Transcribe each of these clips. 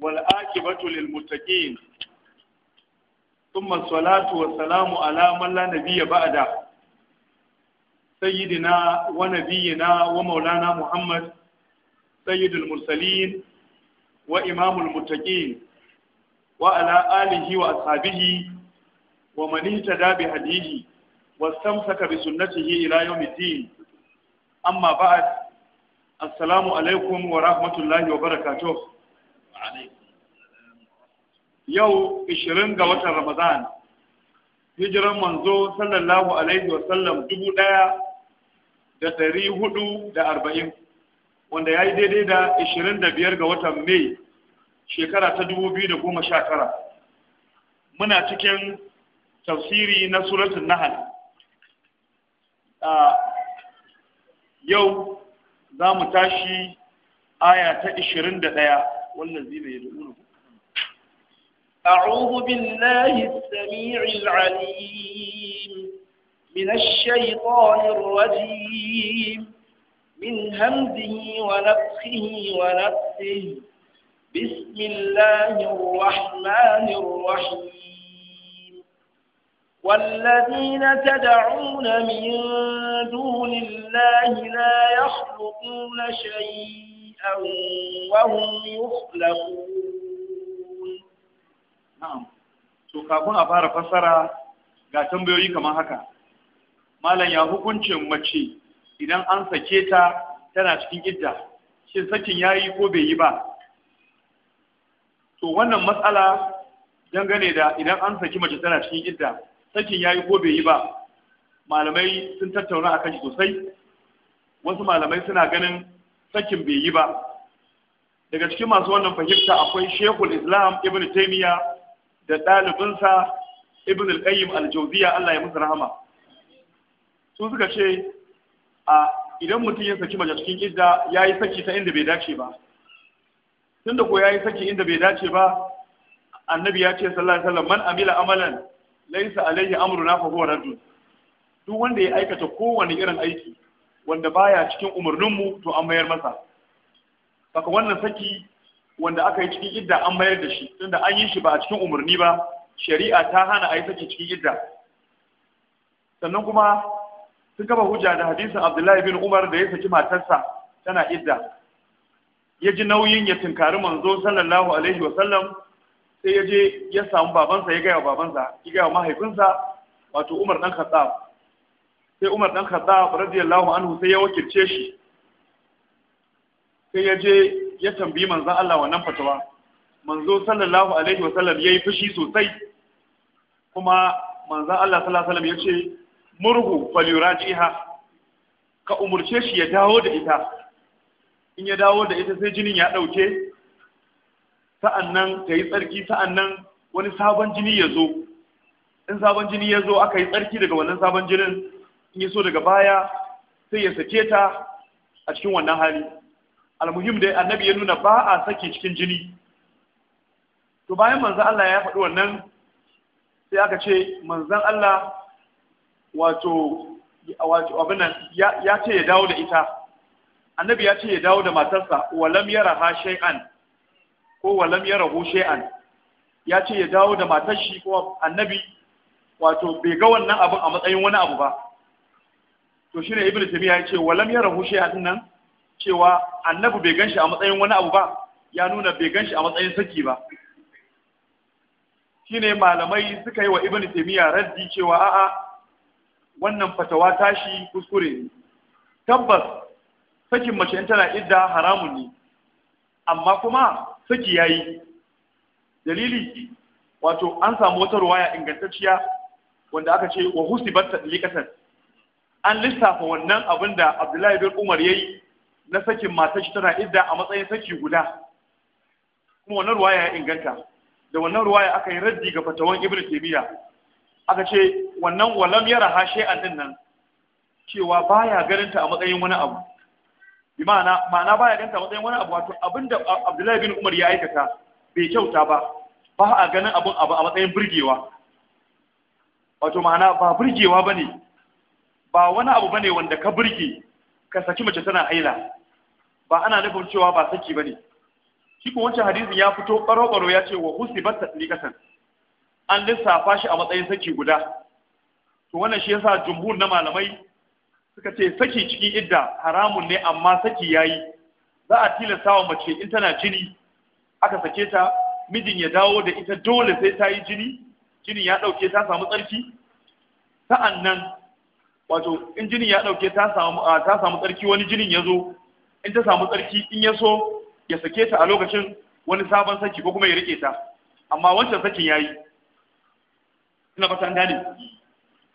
والآكبة للمتقين ثم الصلاة والسلام على من لا نبي بعده سيدنا ونبينا ومولانا محمد سيد المرسلين وإمام المتقين وعلى آله وأصحابه ومن اهتدى بهديه واستمسك بسنته إلى يوم الدين أما بعد السلام عليكم ورحمة الله وبركاته yau ishirin ga watan Ramadan hijiran manzo sallallahu alaihi wa sallam dubu ɗaya da ɗari hudu da arba'in wanda ya yi daidai da ishirin da biyar ga watan mai shekara ta dubu biyu da goma tara muna cikin tafsiri na suratun nahal yau za mu tashi aya ta ishirin da ɗaya. والذين يدعونه أعوذ بالله السميع العليم من الشيطان الرجيم من همزه ونفخه ونفسه بسم الله الرحمن الرحيم والذين تدعون من دون الله لا يخلقون شيئا to kafin a fara fassara ga tambayoyi kamar haka malam ya hukuncin mace idan an sake ta tana cikin idda shin sakin ya yi ko bai yi ba to wannan matsala dangane da idan an saki mace tana cikin idda sakin ya yi ko bai yi ba malamai sun tattauna kan shi sosai wasu malamai suna ganin sakin bai yi ba daga cikin masu wannan fahimta akwai shekul islam ibn taimiya da ɗalibinsa ibn al-qayyim al-jawziya Allah ya musu rahama Sun suka ce a idan mutum ya saki mace cikin idda yi saki ta inda bai dace ba tunda ko yi saki inda bai dace ba annabi ya ce sallallahu alaihi wasallam man amila amalan laysa alaihi amruna fa huwa raddu duk wanda ya aikata kowane irin aiki wanda baya cikin umarninmu to an mayar masa saka wannan saki wanda aka yi cikin idda an mayar da shi tunda an yi shi ba a cikin umarni ba shari'a ta hana a yi saki cikin idda sannan kuma sun kafa hujja da hadisin abdullahi bin umar da ya saki matarsa tana idda ya ji nauyin ya tunkari manzo sallallahu alaihi wa sallam sai ya je ya samu babansa ya gaya wa babansa ya gaya wa mahaifinsa wato umar dan khattab sai Umar dan Khattab radiyallahu anhu sai ya wakilce shi sai ya je ya tambayi manzon Allah wannan fatawa manzo sallallahu alaihi wa sallam yayi fushi sosai kuma manzon Allah sallallahu alaihi wa sallam yace murhu falyurajiha ka umurce shi ya dawo da ita in ya dawo da ita sai jinin ya dauke sa'annan ta yi tsarki sa'annan wani sabon jini ya zo in sabon jini ya zo aka yi tsarki daga wannan sabon jinin in yi so daga baya sai ya sake ta a cikin wannan hali almuhim dai annabi ya nuna ba a sake cikin jini to bayan manzan Allah ya faɗi wannan sai aka ce manzan Allah wato wato abin nan ya ce ya dawo da ita annabi ya ce ya dawo da matarsa walam yara ha shay'an ko walam yara hu shay'an ya ce ya dawo da matar shi ko annabi wato bai ga wannan abin a matsayin wani abu ba to shine ibnu ya yace walam yarahu a nan cewa annabi bai ganshi a matsayin wani abu ba ya nuna bai ganshi a matsayin saki ba shine malamai suka yi wa ibnu taymiya raddi cewa a'a wannan fatawa tashi kuskure ne tabbas sakin mace in tana idda haramun ne amma kuma saki yayi dalili wato an samu wata ruwaya ingantacciya wanda aka ce wa husibat tadliqatan an lissafa wannan abin da abdullahi bin umar ya yi na sakin mata shi tana idda a matsayin saki guda kuma wannan ruwaya ya inganta da wannan ruwaya aka yi raddi ga fatawan ibn taymiya aka ce wannan walam yara ha shay'an din nan cewa baya ganin ta a matsayin wani abu bi ma'ana ma'ana baya ganin ta a matsayin wani abu wato abinda abdullahi bin umar ya aikata bai kyauta ba ba a ganin abun abu a matsayin burgewa wato ma'ana ba burgewa bane ba wani abu bane wanda ka burge ka saki mace tana haila ba ana nufin cewa ba saki bane shi ko wancan hadisin ya fito baro-baro ya ce wa husibat tadliqatan an lissafa shi a matsayin saki guda to wannan shi yasa jumhur na malamai suka ce saki cikin idda haramun ne amma saki yayi za a tilasta wa mace in tana jini aka sake ta mijin ya dawo da ita dole sai ta yi jini jini ya ɗauke ta samu tsarki Sa'an nan. wato in jinin ya dauke ta samu ta samu tsarki wani jinin ya zo in ta samu tsarki in ya so ya sake ta a lokacin wani sabon saki ko kuma ya rike ta amma wancan sakin yayi ina fata an gane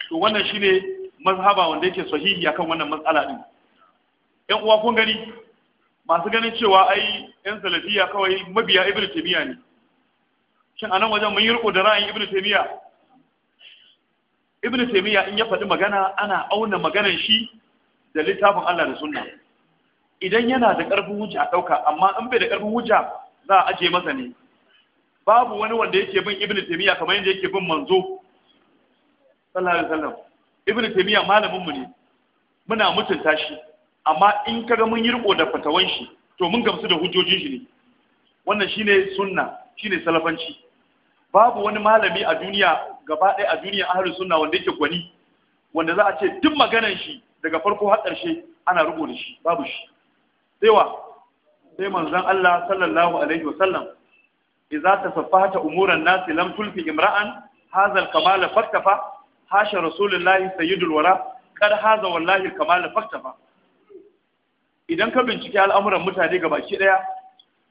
to wannan shine mazhaba wanda yake sahihi akan wannan matsala din yan uwa kun gani masu ganin cewa ai yan salafiya kawai mabiya ibnu taymiya ne shin anan wajen mun yi riko da ra'ayin ibnu taymiya ibnu taymiya in ya faɗi magana ana auna maganar shi da littafin Allah da sunna idan yana da ƙarfin hujja a ɗauka amma in bai da ƙarfin hujja za a aje masa ne babu wani wanda yake bin ibn taymiya kamar yadda yake bin manzo sallallahu alaihi wasallam ibn taymiya malamin mu ne muna mutunta shi amma in kaga mun yi riko da fatawan shi to mun gamsu da hujjojin shi ne wannan shine sunna shine salafanci babu wani malami a duniya gaba ɗaya a duniya ahalin suna wanda yake gwani wanda za a ce duk maganan shi daga farko har ƙarshe ana rubuta shi babu shi sai wa sai manzon Allah sallallahu alaihi wa sallam idza tasaffahata umuran nas lam tulfi imra'an hadha al-kamal faktafa hasha rasulullahi sayyidul wara qad hadha wallahi al-kamal faktafa idan ka bincike al'amuran mutane gabaki daya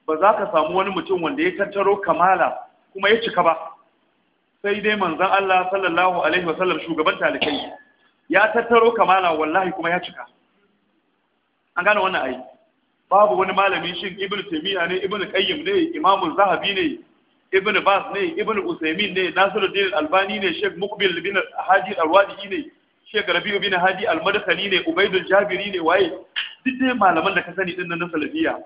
ba za ka samu wani mutum wanda ya tattaro kamala kuma ya cika ba sai dai manzon Allah sallallahu alaihi wasallam shugaban talikai ya tattaro kamala wallahi kuma ya cika an gane wannan ai babu wani malami shin ibnu taymiya ne ibnu qayyim ne imamu zahabi ne ibnu bas ne ibnu usaymin ne nasiruddin albani ne sheikh mukbil bin hadi alwadi ne sheikh rabi'u bin hadi almadkhali ne ubaidul jabiri ne waye duk dai malaman da ka sani din nan na salafiya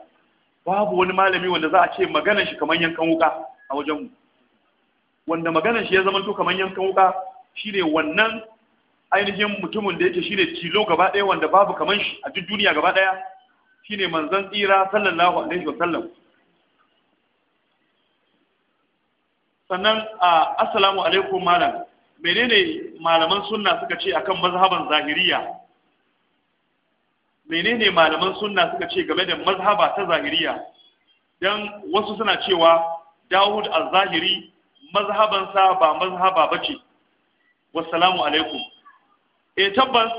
babu wani malami wanda za a ce maganar shi kamar yankan wuka a wajen mu wanda maganar shi ya zama to kamar yankan wuka shine wannan ainihin mutumin da yake shine tilo gaba ɗaya wanda babu kamar shi a duk duniya gaba ɗaya shine manzon tsira sallallahu alaihi wa sallam sannan a assalamu alaikum malam menene malaman sunna suka ce akan mazhaban zahiriya menene malaman sunna suka ce game da mazhaba ta zahiriya dan wasu suna cewa Dawud al-Zahiri mazhabansa ba mazhaba ba ce wasalamu alaikum e tabbas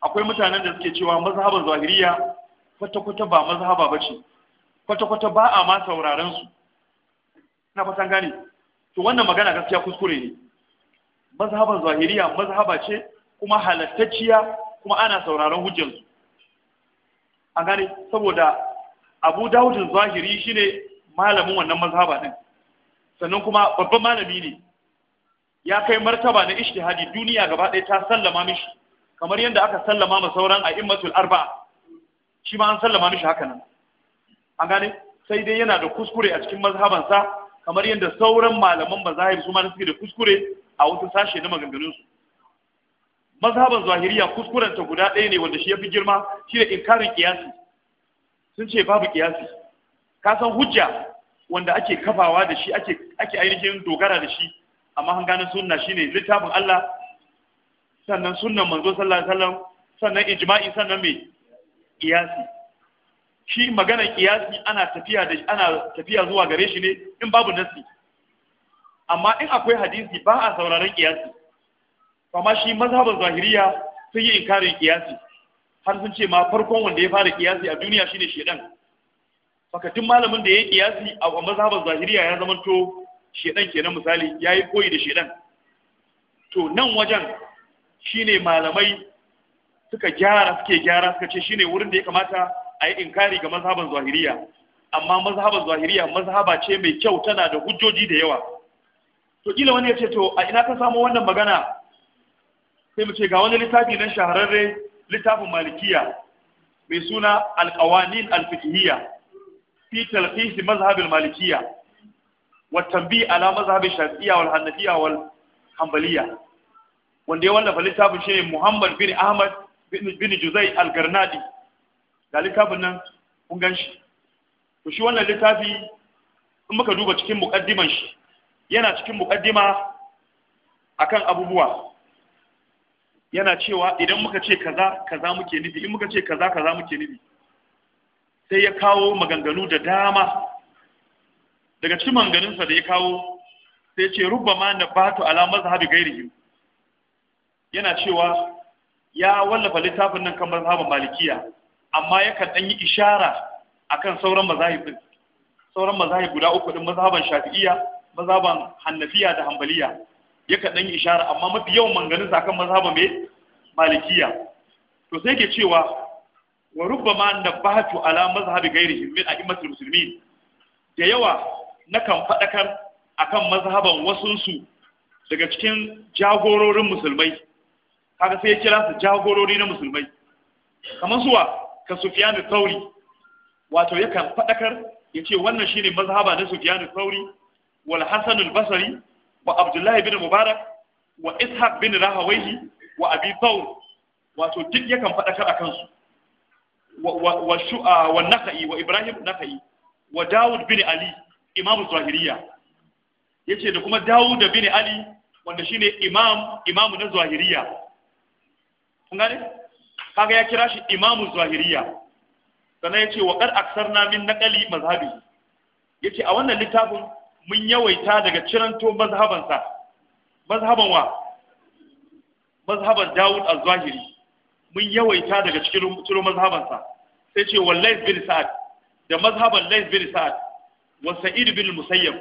akwai mutanen da suke cewa mazhaban zahiriya kwata-kwata ba mazhaba ba ce kwata-kwata ba a ma sauraron su na fatan gane to wannan magana gaskiya kuskure ne mazhaban zahiriya mazhaba ce kuma halattacciya kuma ana sauraron hujjansu an gane saboda abu dawudin zahiri shine malamin wannan mazhaba din sannan kuma babban malami ne ya kai martaba na ishtihadi duniya gaba ɗaya ta sallama mishi kamar yadda aka sallama ma sauran a immatul arba shi ma an sallama mishi haka nan an gane sai dai yana da kuskure a cikin mazhabansa kamar yadda sauran malaman mazahir su ma suke da kuskure a wasu sashe na maganganunsu mazhaban zahiriya kuskuren ta guda ɗaya ne wanda shi ya fi girma shi da inkarin kiyasi sun ce babu kiyasi ka san hujja wanda ake kafawa da shi ake ainihin dogara da shi amma gane sunna shine littafin Allah sannan sunnan manzo sallallahu alaihi wasallam sannan ijma'i sannan me kiyasi shi maganar kiyasi ana tafiya da ana tafiya zuwa gare shi ne in babu nasi amma in akwai hadisi ba a sauraron kiyasi amma shi mazhabin zahiriya sun yi inkarin kiyasi har sun ce ma farkon wanda ya fara kiyasi a duniya shine shedan fakatun malamin da ya yi kiyasi a mazhabar zahiriya ya zama zamanto shedan kenan misali ya yi koyi da shedan to nan wajen shine malamai suka gyara suke gyara suka ce shine wurin da ya kamata a yi inkari ga mazhaban zahiriya amma mazhaban zahiriya mazhaba ce mai kyau tana da hujjoji da yawa to kila wani ya ce to a ina ka samu wannan magana sai mu ce ga wani littafi nan shahararre littafin malikiya mai suna alƙawanin alfikihiyya fi talqis mazhab al-malikiyya wa tanbi ala mazhab shafi'iyya wal hanafiyya wal hanbaliyya wanda ya wallafa littafin shi Muhammad bin Ahmad bin Juzai al-Garnadi ga littafin nan kun gan shi to shi wannan littafi in muka duba cikin muqaddiman shi yana cikin muqaddima akan abubuwa yana cewa idan muka ce kaza kaza muke nufi in muka ce kaza kaza muke nufi sai ya kawo maganganu da dama daga cikin maganganunsa da ya kawo sai ce rubba ma na batu alamar zahabi gairihi yana cewa ya wallafa littafin nan kan mazhabin malikiya amma yakan ɗan yi ishara akan sauran mazahibin sauran mazahib guda uku din mazhaban shafi'iyya mazhaban hannafiya da hanbaliya yakan ɗan yi ishara amma mafi yawan maganganunsa akan mazhaban mai malikiya to sai ke cewa wa rubbama nabbahatu ala mazhabi ghairihim min a'immatul muslimin da yawa nakan faɗakar akan mazhaban wasunsu daga cikin jagororin musulmai kaga sai ya kira su jagorori na musulmai kamar suwa ka sufiyanu tauri wato yakan faɗakar ya ce wannan shine mazhaba na sufiyanu tauri wal hasan basri wa abdullahi bin mubarak wa ishaq bin rahawaihi wa abi thawr wato duk yakan faɗakar akan su wa shu'a wa ah, naka'i wa ibrahim naka'i wa dawud bin ali imam zahiriya yace da kuma dawud bin ali wanda shine imam imam na zahiriya kun gane kaga ya kira shi imam zahiriya sannan yace wa aksar na min naqali mazhabi yace a wannan littafin mun yawaita daga ciranto mazhabansa mazhaban wa mazhaban dawud az-zahiri mun yawaita daga cikin ciro mazhabansa sai ce wallahi bin sa'ad da mazhaban lais bin sa'ad wa sa'id bin musayyab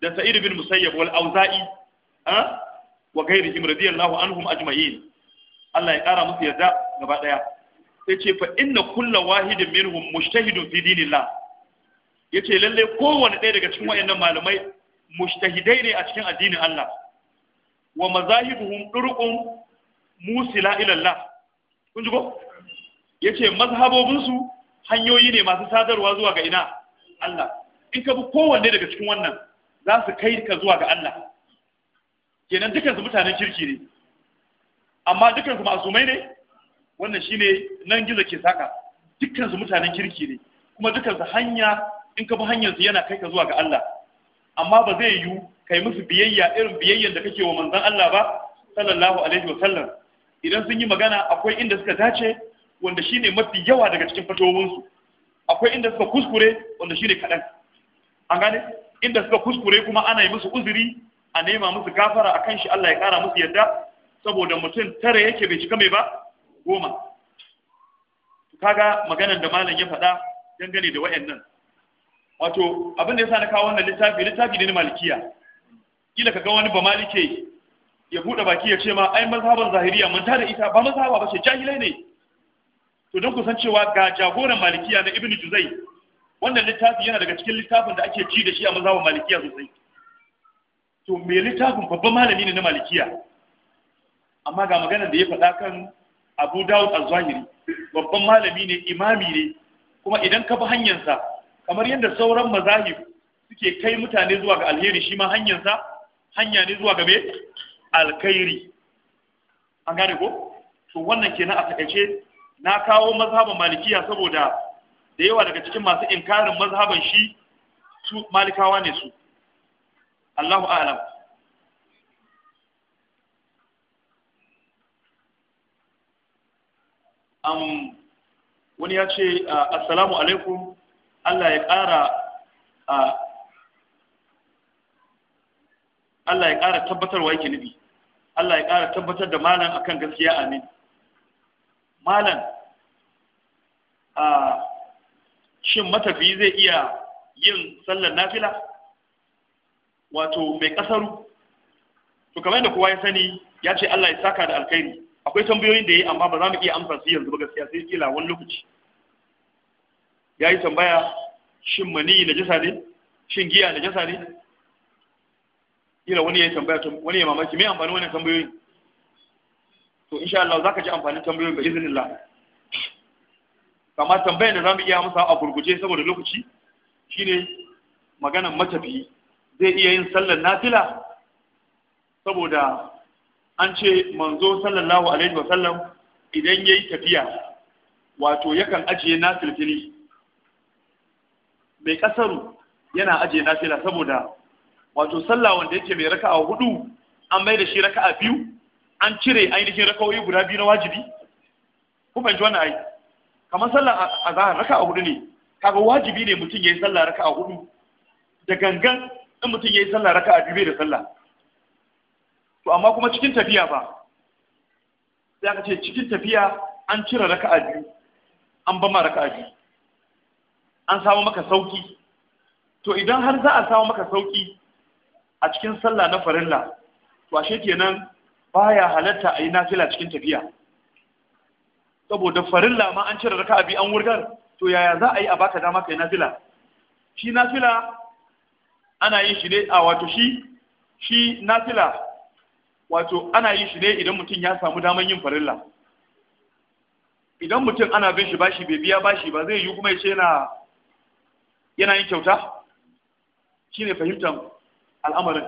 da sa'id bin musayyab wal auza'i a wa ghairihim radiyallahu anhum ajma'in Allah ya kara musu yarda gaba daya sai ce fa inna kullu wahidin minhum mujtahidun fi dinillah yace lalle kowanne ɗaya daga cikin wayannan malamai mujtahidai ne a cikin addinin Allah wa mazahibuhum durqun musila ila Allah kun ji ko yace mazhabobin su hanyoyi ne masu sadarwa zuwa ga ina Allah in ka bi kowanne daga cikin wannan za su kai ka zuwa ga Allah kenan su mutanen kirki ne amma su masumai ne wannan shine nan gizo ke saka su mutanen kirki ne kuma su hanya in ka bi hanyar su yana kai ka zuwa ga Allah amma ba zai yiwu kai musu biyayya irin biyayyan da kake wa manzon Allah ba sallallahu alaihi wa sallam idan sun yi magana akwai inda suka dace wanda shine mafi yawa daga cikin fatowarsu akwai inda suka kuskure wanda shine kaɗan an gane inda suka kuskure kuma ana yi musu uzuri a nema musu gafara akan shi Allah ya kara musu yadda saboda mutum tare yake bai cika mai ba goma kaga maganar da malam ya faɗa dangane da wayannan wato abin da yasa na kawo wannan littafi littafi ne na malikiya kila kaga wani ba malike ya buɗe baki ya ce ma ai mazhaban zahiriya mun tada ita ba mazhaba ba ce jahilai ne to don san cewa ga jagoran malikiya na ibnu juzai wannan littafi yana daga cikin littafin da ake ci da shi a mazhaban malikiya sosai to me littafin babban malami ne na malikiya amma ga maganar da ya faɗa kan abu dawud al-zahiri babban malami ne imami ne kuma idan ka bi hanyarsa kamar yadda sauran mazahib suke kai mutane zuwa ga alheri shi ma hanyarsa hanya ne zuwa ga me Alkairi. an gane ko to wannan kenan a takaice na kawo mazhaban malikiya saboda da yawa daga cikin masu inkarin mazhaban shi su malikawa ne su Allahu a'lam um, wani ya ce assalamu alaikum Allah ya ƙara Allah ya ƙara tabbatarwa yake nufi Allah ya ƙara tabbatar da malam akan gaskiya amin malam a shin matafi zai iya yin sallar nafila wato mai ƙasaru? to kamar yadda kowa ya sani ya ce Allah ya saka da alkhairi akwai tambayoyin da ya yi amma ba za mu iya amsa su yanzu ba gaskiya sai kila wani lokaci ya yi tambaya shin mani na ne shin giya na jasa ne kila wani ya tambaya wani ya mamaki me amfani wannan tambayoyi to insha Allah zaka ji amfanin tambayoyin izinin iznillah Kama tambayar da zamu iya masa a gurguje saboda lokaci shine maganan matafi zai iya yin sallar nafila saboda an ce manzo sallallahu alaihi wa sallam idan yayi tafiya wato yakan ajiye nafilfili mai kasaru yana ajiye nafila saboda wato sallah wanda yake mai a hudu an mai da shi raka a biyu an cire ainihin raka'o'i guda biyu na wajibi ku fahimci wannan ai kamar sallah a raka a hudu ne kaga wajibi ne mutum yayi sallah raka a hudu da gangan in mutum yayi sallah raka a biyu bai da sallah to amma kuma cikin tafiya ba sai aka ce cikin tafiya an cire raka a biyu an bama raka a biyu an samu maka sauki to idan har za a samu maka sauki a cikin sallah na farilla to ashe kenan baya halatta a yi nafila cikin tafiya saboda farilla ma an cire raka'a bi an wurgar to yaya za a yi a baka dama kai nafila shi nafila ana yin shi ne a wato shi shi nafila wato ana yin shi ne idan mutum ya samu daman yin farilla idan mutum ana bin shi bashi bai biya bashi ba zai yi kuma ya ce yana yana yin kyauta shine fahimtar al'amarin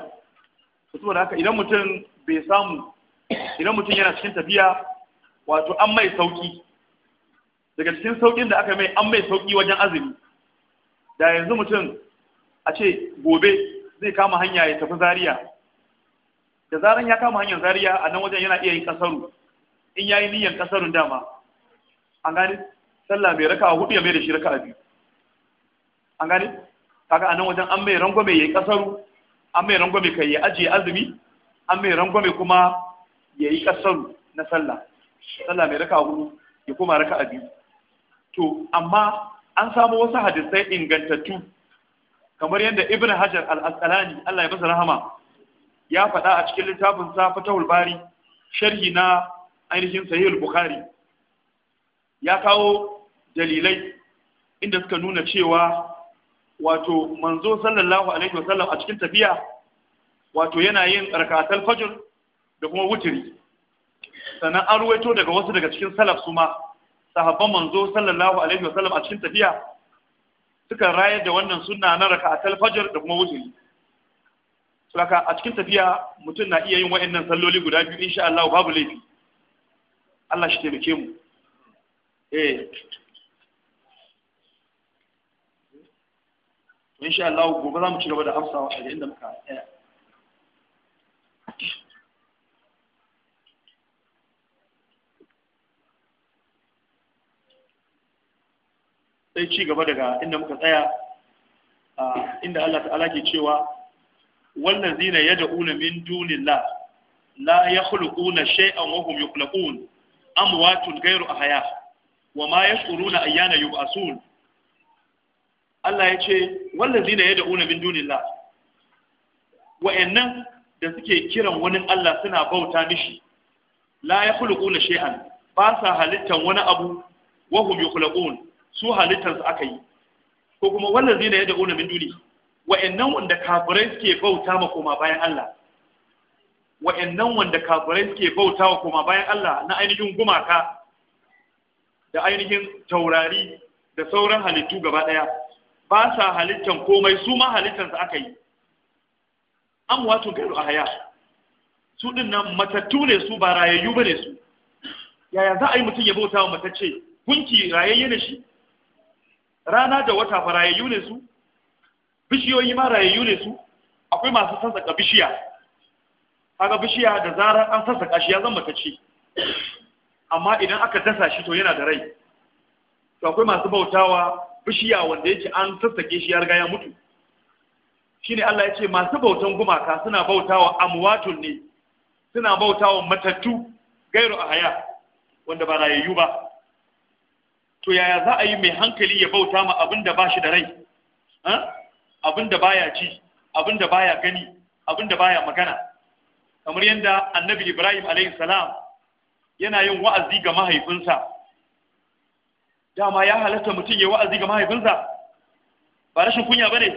saboda haka idan mutum bai samu idan mutum yana cikin tafiya wato an mai sauki daga cikin saukin da aka mai an mai sauki wajen azumi da yanzu mutum a ce gobe zai kama hanya ya tafi Zariya. da zaran ya kama hanyar Zariya, a nan wajen yana iya yin kasaru in ya yi niyyar kasarun dama an gani sallah mai raka hudu ya mai da shi raka biyu an gani kaga a nan wajen an mai rangwame yi kasaru an mai rangwame kai ya ajiye azumi an mai rangwame kuma ya yi ƙasar na sallah sallah mai raka hudu ya koma raka a biyu to amma an samu wasu hadisai ingantattu kamar yadda ibn hajar al-asqalani Allah ya masa rahama ya faɗa a cikin littafin sa fatahul bari sharhi na ainihin sahihul bukhari ya kawo dalilai inda suka nuna cewa wato manzo sallallahu alaihi wasallam a cikin tafiya wato yana yin rakatul fajr da kuma wutri sannan an ruwaito daga wasu daga cikin salaf su ma sahabban manzo sallallahu alaihi wasallam a cikin tafiya suka rayar da wannan sunna na rakatul fajr da kuma wutri saka a cikin tafiya mutum na iya yin wa'annan salloli guda biyu insha Allah babu laifi Allah shi taimake mu eh insha Allah gobe za mu ci gaba da amsawa daga inda muka tsaya sai ci gaba daga inda muka tsaya inda Allah ta'ala ke cewa wannan zina ya da'una min dunillah la ya khulquna shay'an wa hum yukhlaqun amwatun ghayru ahya wa ma yashuruna ayyana yub'asun Allah ya ce wannan na ya da'una min dunillah wa'annan da suke kiran wani Allah suna bauta mishi la ya khuluquna shay'an ba sa halittan wani abu wa hum yukhluqun su halittan su aka yi ko kuma wannan zina ya da'una min duni wa'annan wanda kafirai suke bauta ma koma bayan Allah wa'annan wanda kafirai suke bauta wa koma bayan Allah na ainihin gumaka da ainihin taurari da sauran halittu gaba daya ba sa halittan komai su ma halittansa aka yi an wato gado a haya su ɗin nan matattu ne su ba rayayyu ba ne su yaya za a yi mutum ya bauta wa matacce gunki rayayyu ne shi rana da wata fa rayayyu ne su bishiyoyi ma rayayyu ne su akwai masu sassaƙa bishiya kaga bishiya da zarar an sassaƙa shi ya zan matacce amma idan aka dasa shi to yana da rai to akwai masu bautawa bishiya wanda yake an sassake shi ya riga ya mutu shine Allah ya masu bautan gumaka suna bautawa amwatun ne suna bautawa matattu gairu a wanda ba rayayyu ba to yaya za a yi mai hankali ya bauta ma abin da ba shi da rai abin da baya ci abin da baya gani abin da baya magana kamar yadda annabi ibrahim alayhi salam yana yin wa'azi ga mahaifinsa dama ya halatta mutum ya wa'azi ga mahaifinsa ba rashin kunya ba ne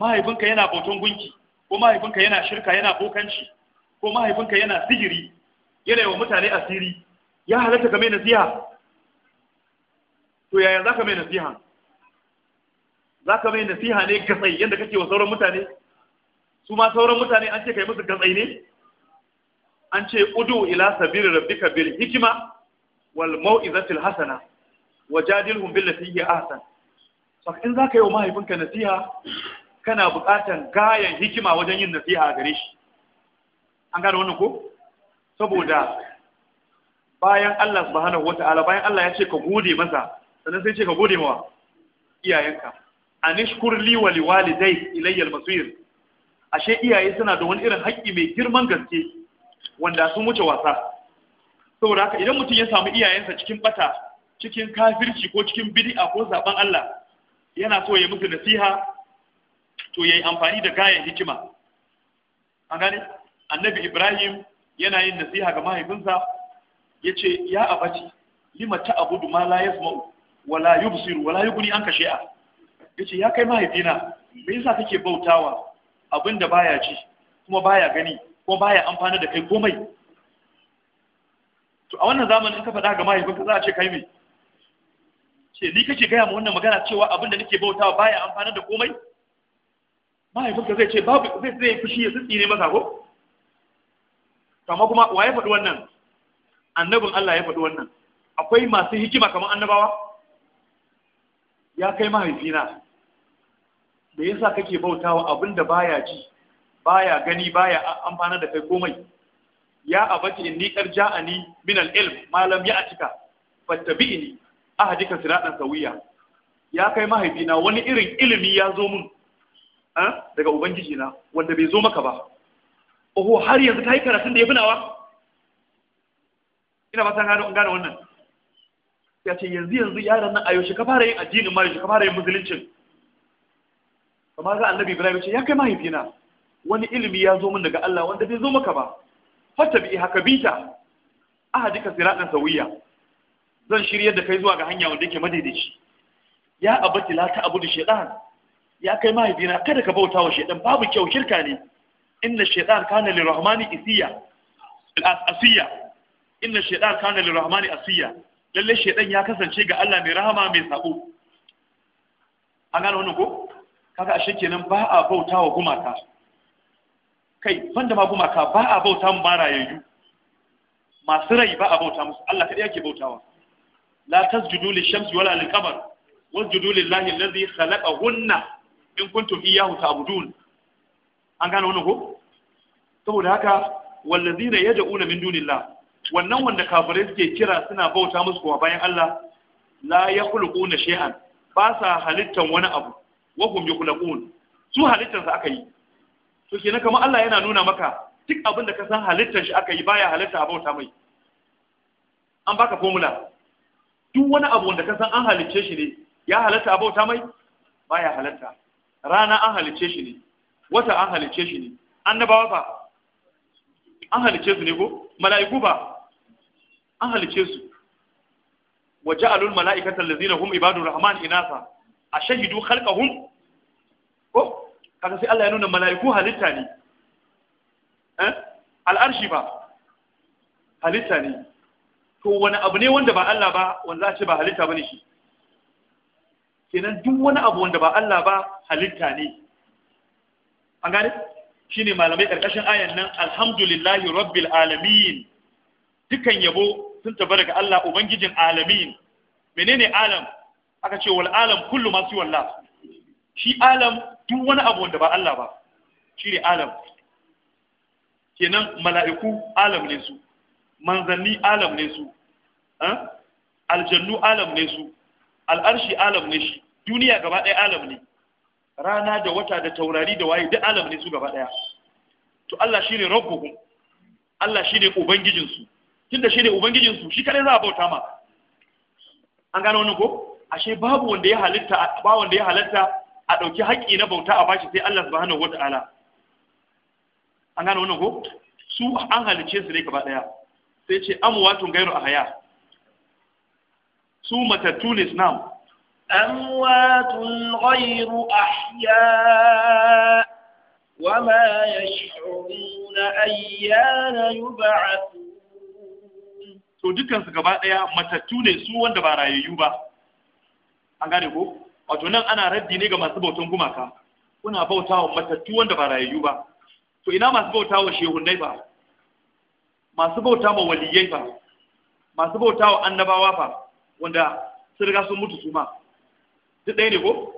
mahaifinka yana bautan gunki ko mahaifinka yana shirka yana bokanci ko mahaifinka yana sihiri yana yi wa mutane asiri ya halatta ka mai nasiha to yaya za ka mai nasiha za ka mai nasiha ne gatsai yadda kake wa sauran mutane su ma sauran mutane an ce ka yi musu gatsai ne an ce udu ila sabiri rabbika bil hikima wal mau'izatil hasana wajadilhum billati hiya ahsan so in zaka yi wa mahaifinka nasiha kana buƙatan gayan hikima wajen yin nasiha a gare shi an gane wannan ko saboda bayan Allah subhanahu wata'ala bayan Allah ya ce ka gode masa sannan sai ce ka gode mawa iyayenka anishkur li wa liwalidai ilayya almasir ashe iyaye suna da wani irin haƙƙi mai girman gaske wanda sun wuce wasa saboda haka idan mutum ya samu iyayensa cikin bata cikin kafirci ko cikin bid'a ko zaben Allah yana so ya musu nasiha to yayi amfani da gayan hikima A gane annabi Ibrahim yana yin nasiha ga mahaifinsa Ya ce ya abaci lima ta'budu ma la yasma'u wala yi busiru, wala yi guni an kashe a ya kai mahaifina me yasa kake bautawa abinda baya ji kuma baya gani ko baya amfana da kai komai to a wannan zamanin ka faɗa ga mahaifinka za a ce kai mai ce ni kake gaya mu wannan magana cewa abin da nake bautawa baya amfana da komai mahaifinka zai ce babu zai zai fushi ya tsitsi ne masa ko amma kuma wa ya faɗi wannan annabin Allah ya faɗi wannan akwai masu hikima kamar annabawa ya kai mahaifina me yasa kake bautawa abin da baya ji baya gani baya amfana da kai komai ya abati inni karja'ani min al-ilm ma lam ya'tika fattabi'ni ahadika siratan sawiya ya kai mahaifina wani irin ilimi ya zo mun daga ubangiji na wanda bai zo maka ba oho har yanzu ta yi karatun da ya finawa ina ba ta gano gane wannan ya ce yanzu yanzu yaran nan ayo shi ka fara yin addinin ma, shi ka fara yin musuluncin kamar ga annabi ibrahim ya ce ya kai mahaifina wani ilimi ya zo min daga Allah wanda bai zo maka ba fatta bi haka bita ahadika siratan sawiya zan shirya da kai zuwa ga hanya wanda yake madaidaici ya abati la ta abudu shaytan ya kai mahaifina kada ka bauta wa shaytan babu kyau shirka ne inna shaytan kana lirrahmani isiya asiya inna shaytan kana rahmani asiya lalle shaytan ya kasance ga Allah mai rahama mai sabo an gane wannan ko kaga ashe kenan ba a bauta wa gumaka kai banda ma gumaka ba a bauta mu barayayu masu rai ba a bauta musu Allah kadai yake bautawa لا تسجدوا للشمس wala للقمر واسجدوا لله الذي خلقهن in كنتم iyyahu تعبدون an gane wannan ko saboda haka يدعون من دون الله wannan wanda kafirai suke kira suna bauta musu kuwa bayan Allah la yakhluquna shay'an ba sa halittan wani abu wa hum yakhluqun su halittan sa aka yi to kenan kamar Allah yana nuna maka duk abin da ka san halittan shi aka yi baya halitta a bauta mai an baka formula duk wani abu wanda ka san an halicce shi ne ya halatta a bauta mai baya halatta rana an halicce shi ne wata an halicce shi ne annabawa ba an halicce su ne ko mala'iku ba an halicce su wa ja'alul mala'ikata allazina hum ibadu rahman inasa ashhadu khalqahum ko kaga sai Allah ya nuna mala'iku halitta ne eh al'arshi ba halitta ne to wani abu ne wanda ba Allah ba wanda za a ce ba halitta bane shi kenan duk wani abu wanda ba Allah ba halitta ne an gane Shi ne malamai ƙarƙashin ayan nan alhamdulillahi rabbil alamin dukan yabo sun tafi daga Allah ubangijin alamin menene alam aka ce wal alam kullu ma siwa Allah shi alam duk wani abu wanda ba Allah ba Shi ne alam kenan mala'iku alam ne su manzanni alam ne su eh? aljannu alam ne su al'arshi alam ne shi duniya gaba ɗaya alam ne rana da wata da taurari da waye duk alam ne su gaba ɗaya to Allah shine rabbuhum Allah shine su tunda shine su shi kare za a bauta ma an gano wannan ko ashe babu wanda ya halitta ba wanda ya halitta a ɗauki haƙƙi na bauta a bashi sai Allah subhanahu wata'ala an gano wannan ko su an halice su ne gaba ɗaya sai ce amwatun gairu a haya. su matattu ne islam amwatun gairu ahya وما يشعرون أيان يبعثون to dukansu gaba ɗaya matattu ne su wanda ba rayayyu ba an gane ko wato nan ana raddi ne ga masu bautan gumaka kuna bautawa matattu wanda ba rayayyu ba to ina masu bautawa shehunnai ba masu bauta ma waliyai fa masu bauta wa annabawa fa wanda sun riga sun mutu su ma duk ɗaya ne ko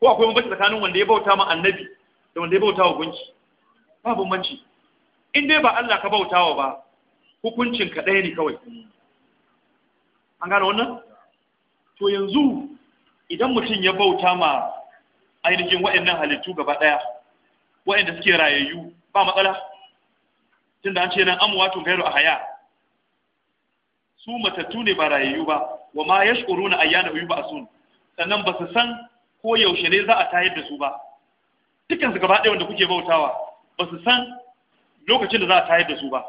ko akwai bambanci tsakanin wanda ya bauta ma annabi da wanda ya bauta wa gunki ba bambanci in dai ba Allah ka bauta wa ba hukuncin ka ɗaya ne kawai an gane wannan to yanzu idan mutum ya bauta ma ainihin wa'annan halittu gaba ɗaya wa'anda suke rayayyu ba matsala tun da an ce nan amwatun gairu a haya su matattu ne ba rayayyu ba wa ma ya na ayyana uyu ba a sun? sannan ba su san ko yaushe ne za a tayar da su ba dukkan su gaba ɗaya wanda kuke bautawa ba su san lokacin da za a tayar da su ba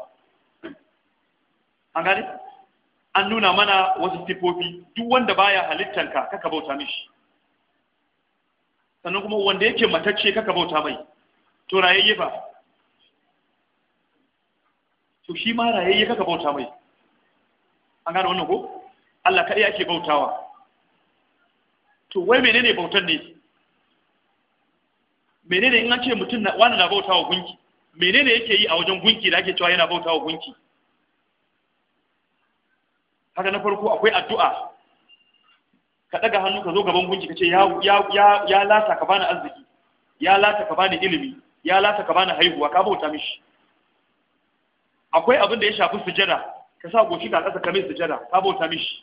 an gane an nuna mana wasu sifofi duk wanda baya halittanka kaka bauta mishi sannan kuma wanda yake matacce kaka bauta mai to rayayye ba to shi ma rayayye kaka bauta mai an gane wannan ko Allah kaɗai ake bautawa to wai menene bautan ne menene in an ce mutum na wani na bautawa gunki menene yake yi a wajen gunki da ake cewa yana bautawa gunki haka na farko akwai addu'a ka daga hannu ka zo gaban gunki ka ce ya ya ya ya lata ka bani arziki ya lata ka bani ilimi ya lata ka bani haihuwa ka bauta mishi akwai abin da ya shafi sujada ka sa goshi ka kasa kamin sujada ka bauta mishi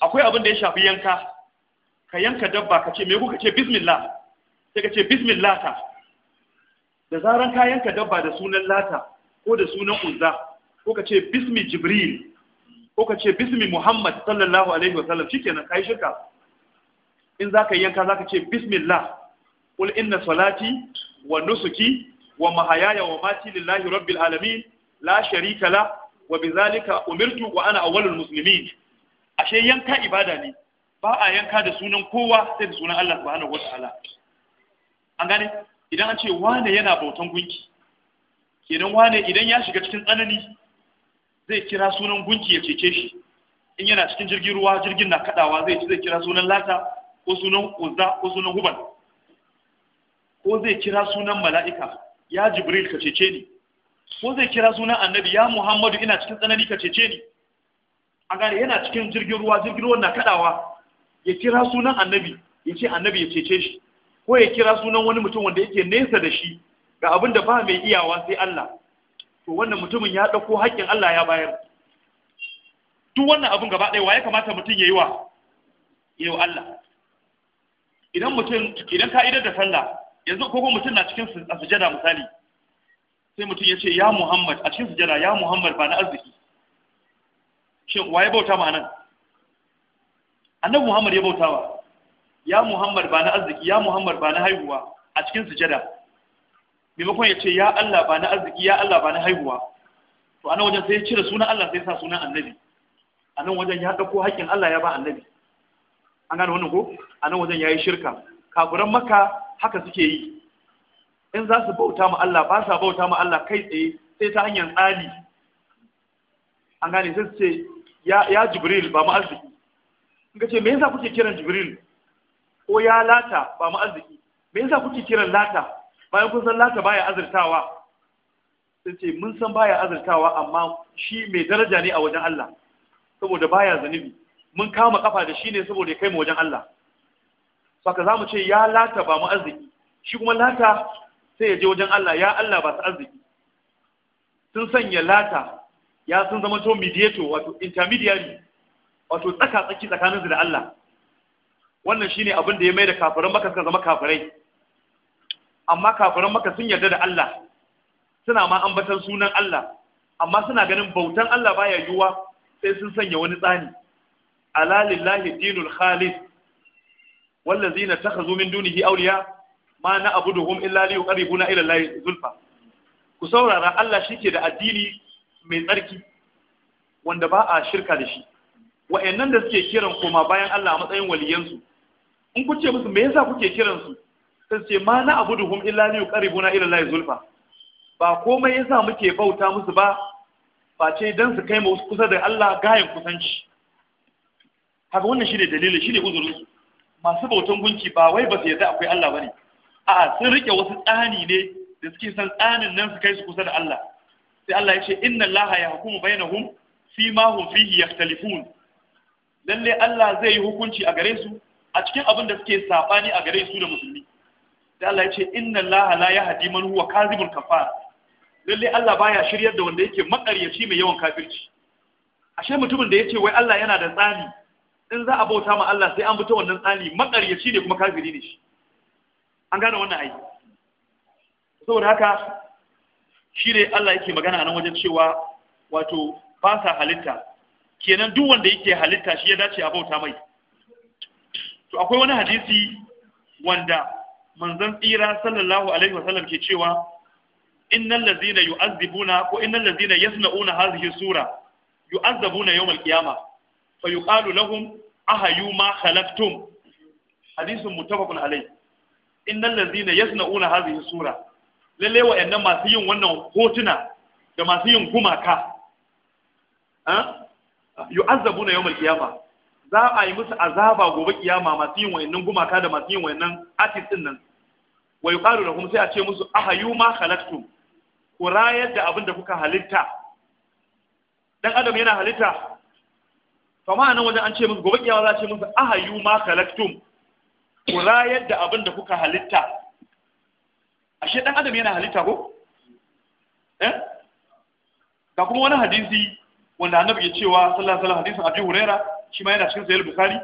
akwai abin da ya shafi yanka ka yanka dabba ka ce me kuka ce bismillah sai ka ce bismillah ta da zaran ka yanka dabba da sunan lata ko da sunan uzza ko ka ce bismi jibril ko ka ce bismi muhammad sallallahu alaihi wasallam shikenan kai shirka in zaka yanka zaka ce bismillah qul inna salati wa nusuki wa mahayaya wa mati lillahi rabbil alamin la sharika la wa bizalika umirtu wa ana Musulmi muslimin ashe yanka ibada ne ba a yanka da sunan kowa sai da sunan Allah subhanahu wataala an gane idan an ce wane yana bautan gunki kenan wane idan ya shiga cikin tsanani zai kira sunan gunki ya cece shi in yana cikin jirgin ruwa jirgin na kadawa zai zai kira sunan lata ko sunan uzza ko sunan huban ko zai kira sunan mala'ika ya jibril ka cece ni ko zai kira sunan annabi ya muhammadu ina cikin tsanani ka cece ni a gane yana cikin jirgin ruwa jirgin ruwan na kadawa ya kira sunan annabi ya ce annabi ya cece shi ko ya kira sunan wani mutum wanda yake nesa da shi ga abin da ba mai iyawa sai Allah to wannan mutumin ya dauko haƙƙin Allah ya bayar duk wannan abin gaba ɗaya ya kamata mutum ya yi wa ya Allah idan mutum idan ka idar da sallah yanzu ko mutum na cikin sujada misali sai mutum ya ce ya muhammad a cikin sujada ya muhammad ba na arziki shin waye bauta ma nan annabi muhammad ya bautawa ya muhammad ba na arziki ya muhammad ba na haihuwa a cikin sujada maimakon ya ce ya allah ba na arziki ya allah ba na haihuwa to anan wajen sai ya cire sunan allah sai ya sa sunan annabi anan wajen ya ɗauko haƙƙin allah ya ba annabi an gane wannan ko anan wajen ya yi shirka kafiran maka haka suke yi in za su bauta ma Allah ba sa bauta ma Allah kai tsaye sai ta hanyar tsari an gane sai ce ya jibril ba mu arziki in ka ce me yasa kuke kiran jibril ko ya lata ba mu arziki me yasa kuke kiran lata bayan kun san lata baya azurtawa sai ce mun san baya azurtawa amma shi mai daraja ne a wajen Allah saboda baya zanibi, mun kama kafa da shi ne saboda ya kai mu wajen Allah saka za mu ce ya lata ba mu arziki shi kuma lata sai ya je wajen Allah ya Allah ba su arziki sun sanya lata ya sun zama to midiyeto, wato intermediary wato tsaka tsaki tsakanin su da Allah wannan shine abin da ya mai da kafiran maka suka zama kafirai amma kafiran maka sun yarda da Allah suna ma ambatan sunan Allah amma suna ganin bautan Allah baya yiwuwa sai sun sanya wani tsani ala lillahi dinul khalis wallazina takhazu min dunihi awliya ma na hum illa li yuqarribuna ila allahi zulfa ku saurara Allah shi ke da addini mai tsarki wanda ba a shirka da shi wa'annan da suke kiran koma bayan Allah a matsayin waliyansu in ku ce musu me yasa kuke kiran su sai ce ma na hum illa li yuqarribuna ila allahi zulfa ba komai yasa muke bauta musu ba ba ce dan su kai mu kusa da Allah gayin kusanci haka wannan shine dalilin shine uzurin masu bautan gunki ba wai ba su yarda akwai Allah bane a'a sun rike wasu tsani ne da suke san tsanin nan su kai su kusa da Allah sai Allah ya ce inna Allah ya hukumu bainahum fi ma hum fihi yakhtalifun lalle Allah zai yi hukunci a gare su a cikin abin da suke sabani a gare su da musulmi sai Allah ya ce inna Allah la yahdi man huwa kazibul kafar lalle Allah baya shiryar da wanda yake makaryaci mai yawan kafirci ashe mutumin da yace wai Allah yana da tsani in za a bauta ma Allah sai an ta wannan tsani makaryaci ne kuma kafiri ne shi an gane wannan ai saboda haka shi ne Allah yake magana a nan wajen cewa wato ba sa halitta kenan duk wanda yake halitta shi ya dace a bauta mai to akwai wani hadisi wanda manzon tsira sallallahu alaihi wasallam ke cewa innal ladzina yu'azzibuna ko innal ladzina yasna'una hadhihi sura yu'azzabuna yawm al qiyama fa yuqalu lahum ahayu ma khalaqtum hadisun muttafaqun alayh innal ladhina yasna'una hadhihi sura lalle wa'annan masu yin wannan hotuna da masu yin gumaka ha na, yawmal qiyamah za a yi musu azaba gobe kiyama masu yin wayannan gumaka da masu yin wayannan atis din nan wa yuqalu lahum sai a ce musu ahayu ma khalaqtum ku rayar da abin da kuka halitta dan adam yana halitta to ma'ana wajen an ce musu gobe kiyama za a ce musu ahayu ma khalaqtum ku rayar da abin da kuka halitta ashe ɗan adam yana halitta ko eh ga kuma wani hadisi wanda annabi ya cewa sallallahu hadisun wasallam hadisin Huraira shi ma yana cikin sahih bukari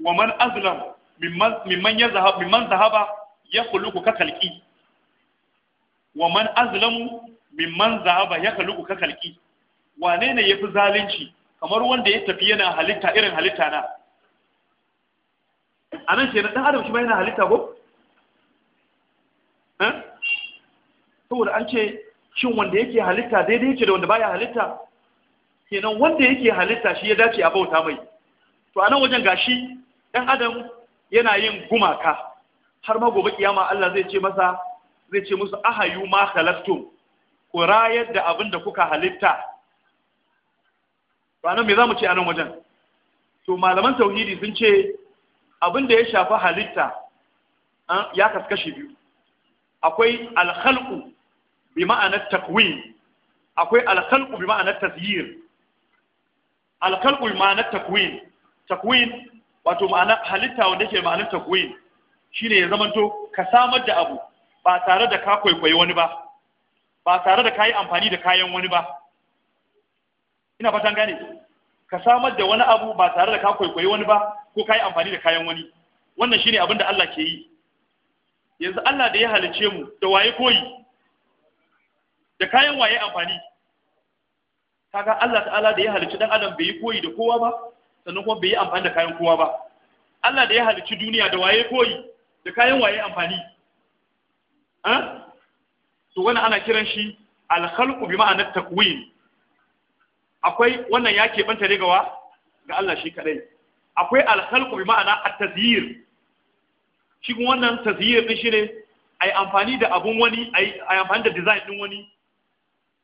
wa man azlam mimman mimman yazhab mimman zahaba ka kalki wa man azlamu mimman zahaba yakhluqu ka kalki wane ne fi zalunci kamar wanda ya tafi yana halitta irin halitta na a nan kenan dan adam shi ma yana halitta ko eh? saboda an ce shin wanda yake halitta daidai yake da wanda baya halitta kenan wanda yake halitta shi ya dace a bauta mai to a nan wajen gashi dan adam yana yin gumaka har ma gobe kiyama Allah zai ce masa zai ce musu ahayu ma khalaqtum ku rayar da abin da kuka halitta to anan me zamu ce a nan wajen to malaman tauhidi sun ce abin da ya shafi halitta ah, ya kaskashi biyu akwai alkhalqu bi ma'anar takwin akwai alkhalqu bi ma'anar tasyir alkhalqu bi ma'anar takwin takwin wato ma'ana halitta wanda yake ma'anar takwin shine ya zamanto ka samar da abu ba tare da ka kwaikwayi wani ba ba tare da yi amfani da kayan wani ba ina fatan gane ka samar da wani abu ba tare da ka kwaikwayi wani ba ko ka yi amfani da kayan wani wannan shine abin da Allah ke yi yanzu Allah da ya halice mu da waye koyi da kayan waye amfani kaga Allah ta'ala da ya halice dan adam bai yi koyi da kowa ba sannan kuma bai yi amfani da kayan kowa ba Allah da ya halici duniya da waye koyi da kayan waye amfani to wannan ana kiran shi al-khalqu bi ma'anar takwin akwai wannan ya keɓanta ne gawa ga Allah shi kaɗai. akwai alhalku bi ma'ana at-tazyir shi wannan tazyir din shine ai amfani da abun wani ai amfani da design din wani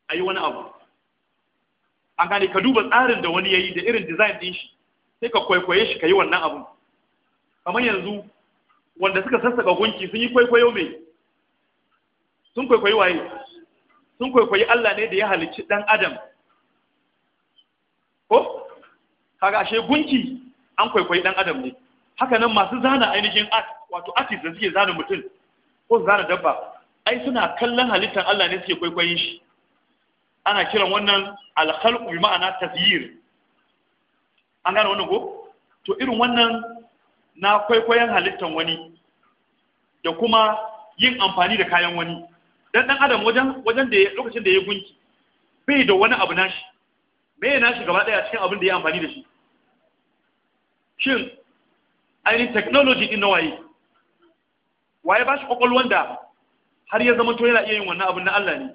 ai wani abu an gane ka duba tsarin da wani yayi da irin design din shi sai ka kwaikwaye shi ka yi wannan abun kamar yanzu wanda suka sassaka gunki sun yi kwaikwayo mai sun kwaikwayi waye sun kwaikwayi Allah ne da ya halicci dan adam ko kaga ashe gunki an kwaikwayi dan adam ne haka nan masu zana ainihin art wato artist da suke zana mutum ko zana dabba ai suna kallon halittar Allah ne suke kwaikwayi shi ana kiran wannan al-khalqu bi ma'ana tasyir an gane wannan ko to irin wannan na kwaikwayon halittar wani da kuma yin amfani da kayan wani dan dan adam wajen wajen da lokacin da ya gunki bai da wani abu nashi me na shi gaba daya cikin abin da ya amfani da shi shin ainihin technology din na waye waye ba shi kwakwalwan da har ya zama to yana iya yin wannan abin na Allah ne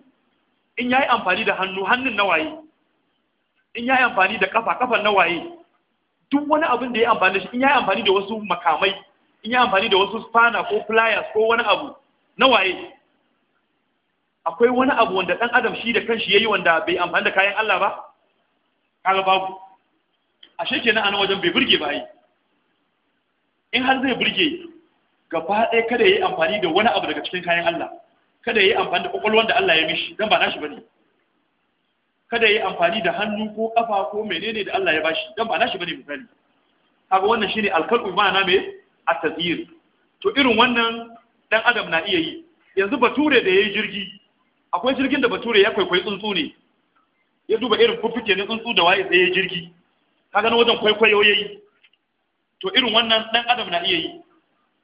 in yayi amfani da hannu hannun na waye in yayi amfani da kafa kafan na waye duk wani abin da ya amfani da shi in yayi amfani da wasu makamai in yayi amfani da wasu spana ko flyers ko wani abu na waye akwai wani abu wanda dan adam shi da kanshi yayi wanda bai amfani da kayan Allah ba kaga babu ashe kenan ana wajen bai burge ba yi in har zai burge gaba ɗaya kada ya yi amfani da wani abu daga cikin kayan Allah kada ya yi amfani da kwakwalwar da Allah ya mishi don ba nashi ba ne kada ya yi amfani da hannu ko kafa ko menene da Allah ya bashi don ba nashi ba ne misali kaga wannan shine alkalku ma'ana me at-tazyir to irin wannan dan adam na iya yi yanzu bature da yayi jirgi akwai jirgin da bature ya kwaikwayi tsuntsu ne ya duba irin kufi na tsuntsu da waye tsaye jirgi ka gano wajen kwaikwayo yayi to irin wannan dan adam na iya yi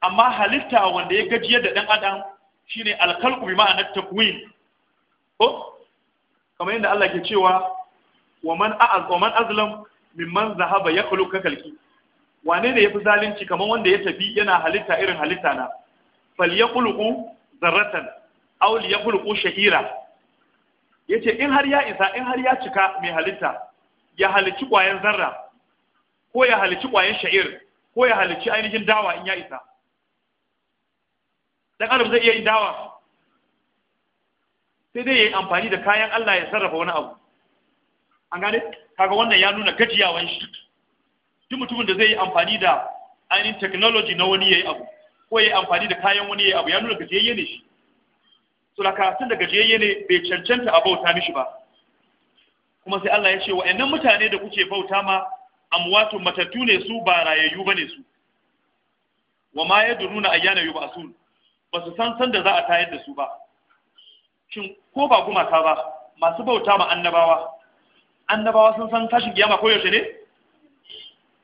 amma halitta wanda ya gaji da dan adam shine alkalku bi ma'ana takwin ko kamar yadda Allah ke cewa wa man a'az wa man azlam mimman zahaba yakhluqu kalki wane ne yafi zalunci kamar wanda ya tafi yana halitta irin halitta na Fal falyaqulu zarratan aw liyaqulu sha'ira yace in har ya isa in har ya cika mai halitta ya halici ƙwayan zarra ko ya halici ƙwayan sha'ir ko ya halici ainihin dawa in ya isa dan adam zai iya yin dawa sai dai ya yi amfani da kayan Allah ya sarrafa wani abu an gane kaga wannan ya nuna gajiyawan shi duk mutumin da zai yi amfani da ainihin technology na wani yayi abu ko yayi amfani da kayan wani yayi abu ya nuna gajiyayye ne shi sura karatun da gajiyayye ne bai cancanta a bauta mishi ba kuma sai Allah ya ce wa'annan mutane da kuke bauta ma amwatu matattu ne su ba rayayyu bane su wa ma yadruna ayyana yub'asun ba su san san da za a tayar da su ba shin ko ba gumaka ba masu bauta ma annabawa annabawa sun san tashin kiyama ko yaushe ne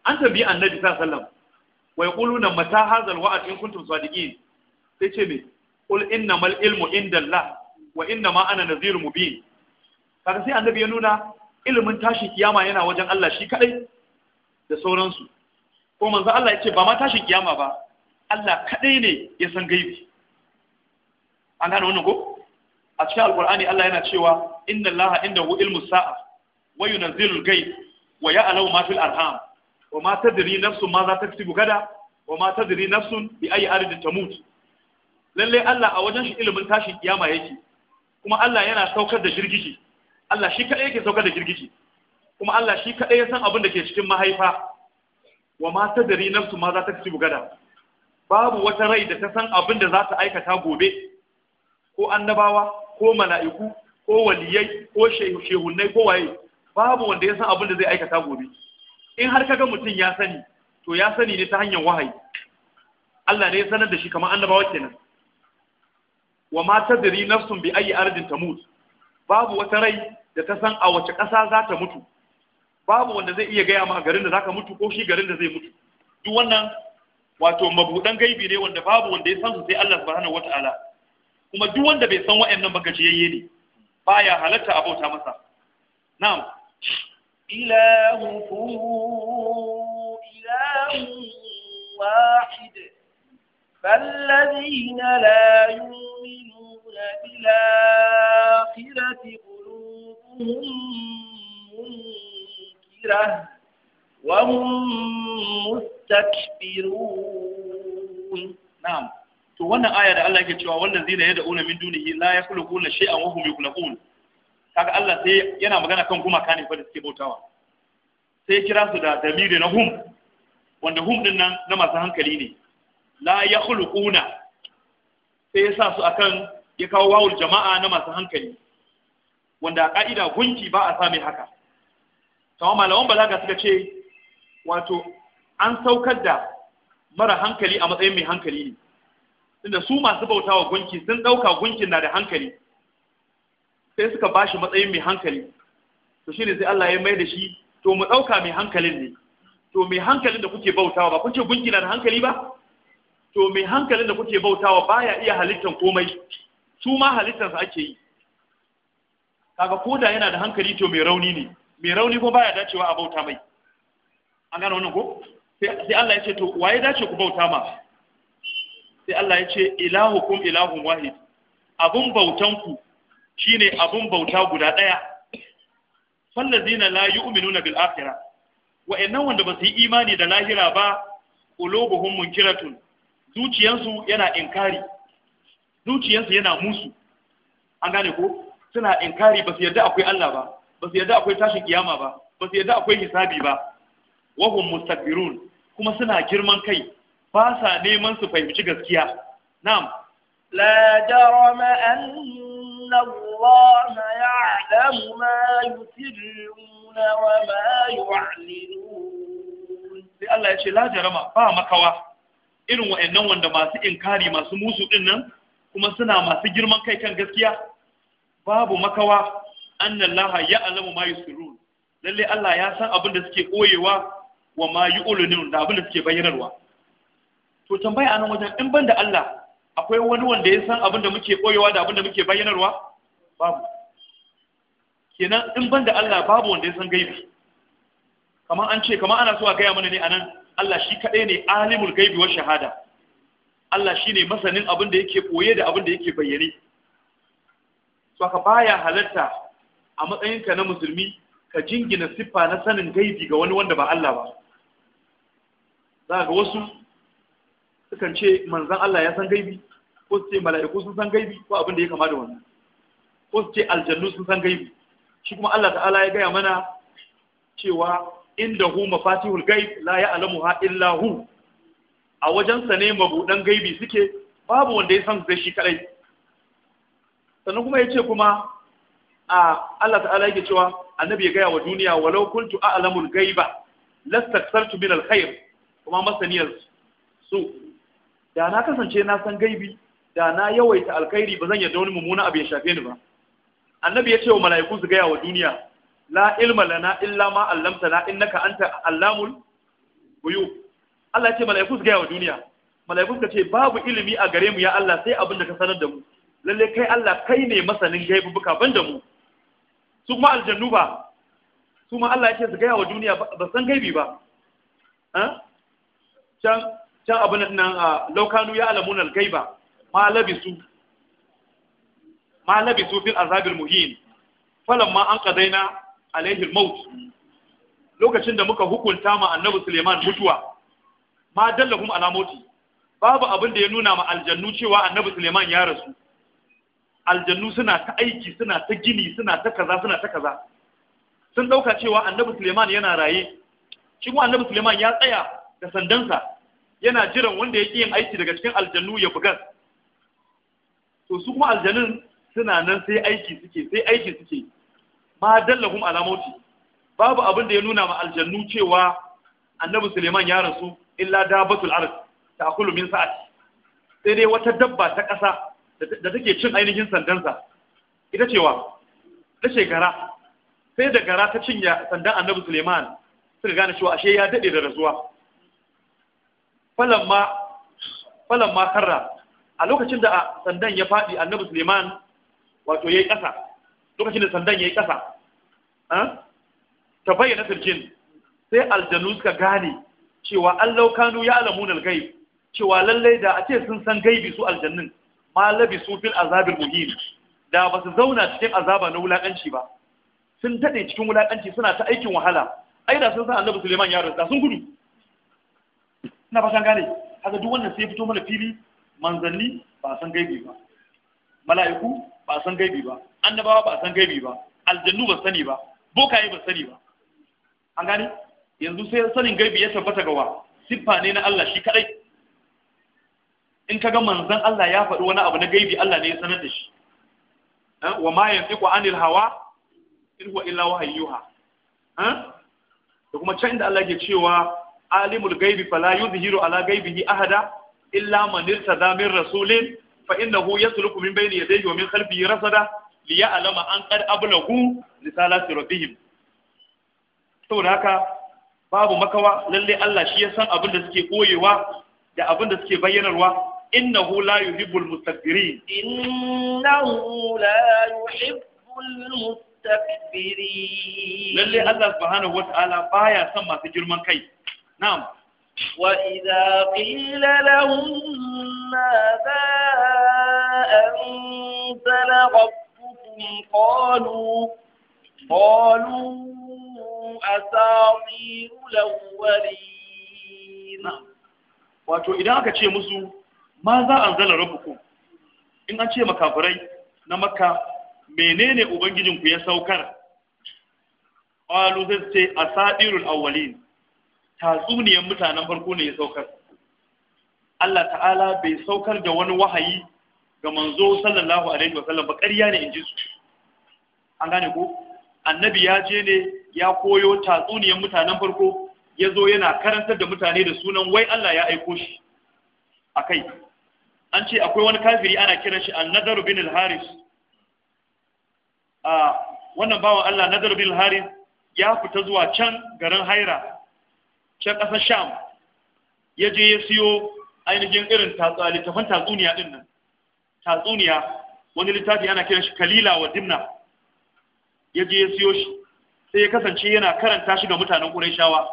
an tambayi annabi sallallahu alaihi wasallam wa yaquluna mata hadzal wa'd in kuntum sadiqin sai ce me qul innamal ilmu indallah wa innama ana nadhirun mubin kaga sai annabi ya nuna ilimin tashin kiyama yana wajen Allah shi kadai da sauransu ko manzo Allah ya ce ba ma tashin kiyama ba Allah kadai ne ya san gaibi an gane wannan ko a cikin alqur'ani Allah yana cewa inna Allah indahu ilmu sa'a wa yunzilul ghaib wa ya'lamu ma fil arham wa ma tadri nafsun ma za ta gada wa ma tadri nafsun bi ayi ta tamut Lallai Allah a wajen shi ilimin tashin kiyama yake kuma Allah yana saukar da girgiji Allah shi kadai yake saukar da girgiji kuma Allah shi kadai ya san abin da ke cikin mahaifa wa ma tadri nafsu ma za ta kasibu gada babu wata rai da ta san abin da za ta aikata gobe ko annabawa ko mala'iku ko waliyai ko shehunnai ko waye babu wanda ya san abin da zai aikata gobe in har ka ga mutum ya sani to ya sani ne ta hanyar wahayi Allah ne ya sanar da shi kamar annabawa kenan wa ma tadri nafsun bi ayi ardin tamut babu wata rai da ta san a wace ƙasa za ta mutu babu wanda zai iya gaya ma garin da zaka mutu ko shi garin da zai mutu duk wannan wato mabudan gaibi ne wanda babu wanda ya san su sai Allah subhanahu wataala kuma duk wanda bai san wa'annan ba ne baya halatta a bauta masa na'am ilahukum ilahu wahid فالذين لا يؤمنون بالآخرة قلوبهم منكرة وهم مستكبرون نعم to wannan aya da Allah yake cewa wannan zina yadda una min dunihi la yakhluquna shay'an wa hum yakhluqun kaga Allah sai yana magana kan kuma kane fa da suke bautawa sai kira su da dalili na hum wanda hum din nan na masu hankali ne la ya khuluquna sai ya sa su akan ya kawo wawul jama'a na masu hankali wanda a ka'ida gunki ba a sami haka kama malaman balaga suka ce wato an saukar da mara hankali a matsayin mai hankali ne inda su masu bautawa gunki sun ɗauka gunkin na da hankali sai suka ba shi matsayin mai hankali to shi ne sai Allah ya mai da shi to mu ɗauka mai hankalin ne to mai hankalin da kuke bautawa ba kun ce gunki na da hankali ba to mai hankalin da kuke bautawa baya iya halittar komai su ma halittarsa ake yi kaga koda yana da hankali to mai rauni ne mai rauni ko baya dacewa a bauta mai an gane wannan ko sai Allah ya ce to waye dace ku bauta ma sai Allah ya ce ilahukum ilahun wahid abun bautan ku shine abun bauta guda daya fallazina la yu'minuna bil akhirah wa'annan wanda ba su yi imani da lahira ba qulubuhum munkiratun zuciyansu yana inkari zuciyansu yana musu an gane ko suna inkari ba su yarda akwai Allah ba ba su yarda akwai tashin kiyama ba ba su yarda akwai hisabi ba wa hum mustakbirun kuma suna girman kai ba sa neman su fahimci gaskiya na'am la jarama anna Allah ya'lamu ma yusirruna wa ma yu'linun sai Allah ya ce la jarama ba makawa irin wa'annan wanda masu inkari masu musu din nan kuma suna masu girman kai kan gaskiya babu makawa annallaha alamu ma suru lalle Allah ya san abin da suke koyewa wa ma yu'linun da abin da suke bayanarwa. to tambaya nan wajen in ban da Allah akwai wani wanda ya san abin da muke koyewa da abin da muke bayyanarwa babu kenan in ban da Allah babu wanda ya san gaibi kamar an ce kamar ana so a gaya mana ne anan Allah shi kaɗai ne alimul gaibi wa shahada Allah shi ne masanin abin da yake koye da abin da yake bayyane so ka baya halarta a matsayinka na musulmi ka jingina siffa na sanin gaibi ga wani wanda ba Allah ba za ga wasu sukan ce manzan Allah ya san gaibi ko su ce mala'iku sun san gaibi ko abin da ya kama da wannan ko su ce aljannu sun san gaibi shi kuma Allah ta'ala ya gaya mana cewa inda hu mafatihul gaib la ya'lamuha illa hu a wajensa ne mabudan gaibi suke babu wanda ya san zai shi kadai sannan kuma yace kuma a Allah ta'ala yake cewa annabi ya gaya wa duniya walau kuntu a'lamul gaiba lastaksartu min alkhair kuma masaniyar su da na kasance na san gaibi da na yawaita alkhairi ba zan yarda wani mummuna abu ya shafe ni ba annabi ya ce wa mala'iku su gaya wa duniya la ilma lana illa ma allamtana innaka anta allamul ghuyub Allah ya ce mala'iku su gaya wa duniya mala'iku suka ce babu ilimi a gare mu ya Allah sai abin da ka sanar da mu lalle kai Allah kai ne masanin gaibu gaibubuka ban da mu su kuma aljannu ba su ma Allah ya ce su gaya wa duniya ba san gaibi ba can can abin nan a ah, laukanu ya alamuna al-gaiba ma labisu ma labisu fil azabil muhin falamma an qadaina alaihi maut lokacin da muka hukunta ma annabi Suleiman mutuwa ma dallahum ala mauti babu abin da ya nuna ma aljannu cewa annabi Suleiman ya rasu aljannu suna ta aiki suna ta gini suna ta kaza suna ta kaza sun dauka cewa annabi Suleiman yana raye shi kuma annabi Suleiman ya tsaya da sandansa yana jiran wanda ya yin aiki daga cikin aljannu ya buga to su kuma aljanun suna nan sai aiki suke sai aiki suke ma dallahum ala mauti babu abin da ya nuna ma aljannu cewa annabi Suleiman ya rasu illa dabatul ard kullu min sa'ati sai dai wata dabba ta ƙasa da take cin ainihin sandansa ita cewa ta shekara sai da gara ta cinye sandan annabi Suleiman suka gane cewa ashe ya dade da rasuwa falamma falamma karra a lokacin da sandan ya faɗi annabi Suleiman wato yayi ƙasa lokacin da sandan ya yi ƙasa ta bayyana sirkin sai aljanu suka gane cewa allau kanu ya alamunan gai cewa lallai da a ce sun san gaibi su aljannin ma labi su fil azabin muhim da ba su zauna cikin azaba na wulaƙanci ba sun daɗe cikin wulaƙanci suna ta aikin wahala ai da sun san annabi suleiman ya rasu sun gudu ina fatan gane haka duk wannan sai fito mana fili manzanni ba san gaibi ba mala'iku ba san gaibi ba annabawa ba san gaibi ba aljannu ba sani ba bokaye ba sani ba an gane yanzu sai sanin gaibi ya tabbata ga wa siffa ne na Allah shi kadai in kaga manzon Allah ya faɗi wani abu na gaibi Allah ne ya sanar da shi wa ma yantiqu anil hawa in huwa illa wahayyuha da kuma can inda Allah ke cewa alimul gaibi fala yuzhiru ala gaibihi ahada illa man irtada min rasulin fa innahu yasluku min bayni yadayhi wa min khalfihi rasada li ya'lama an qad ablagu risalati rabbihim saboda haka babu makawa lalle Allah shi ya san abin da suke koyewa da abin da suke bayyanarwa innahu la yuhibbul mustakbirin innahu la yuhibbul mustakbirin lalle Allah subhanahu wata'ala baya son masu girman kai na'am وإذا قيل لهم ماذا أنزل ربك قالوا wato idan aka ce musu ma za a zala rabbukum in an ce makafirai na makka menene ku ya saukar qalu zai ce asadirul awwalin tatsuniyar mutanen farko ne ya saukar Allah ta'ala bai saukar da wani wahayi ga manzo sallallahu alaihi wasallam ba ƙarya ne in ji su an gane ko annabi ya je ne ya koyo tatsuniyan mutanen farko ya zo yana karantar da mutane da sunan wai Allah ya aiko shi a kai an ce akwai wani kafiri ana kiran shi annadaru bin al-haris wannan bawan Allah nadar bin al-haris ya fita zuwa can garin haira can ƙasar sham ya je ya siyo ainihin irin tatsuniya din nan tatsuniya wani littafi ana kiran shi kalila wa dimna ya je ya siyo shi sai ya kasance yana karanta shi ga mutanen ƙur'ashawa.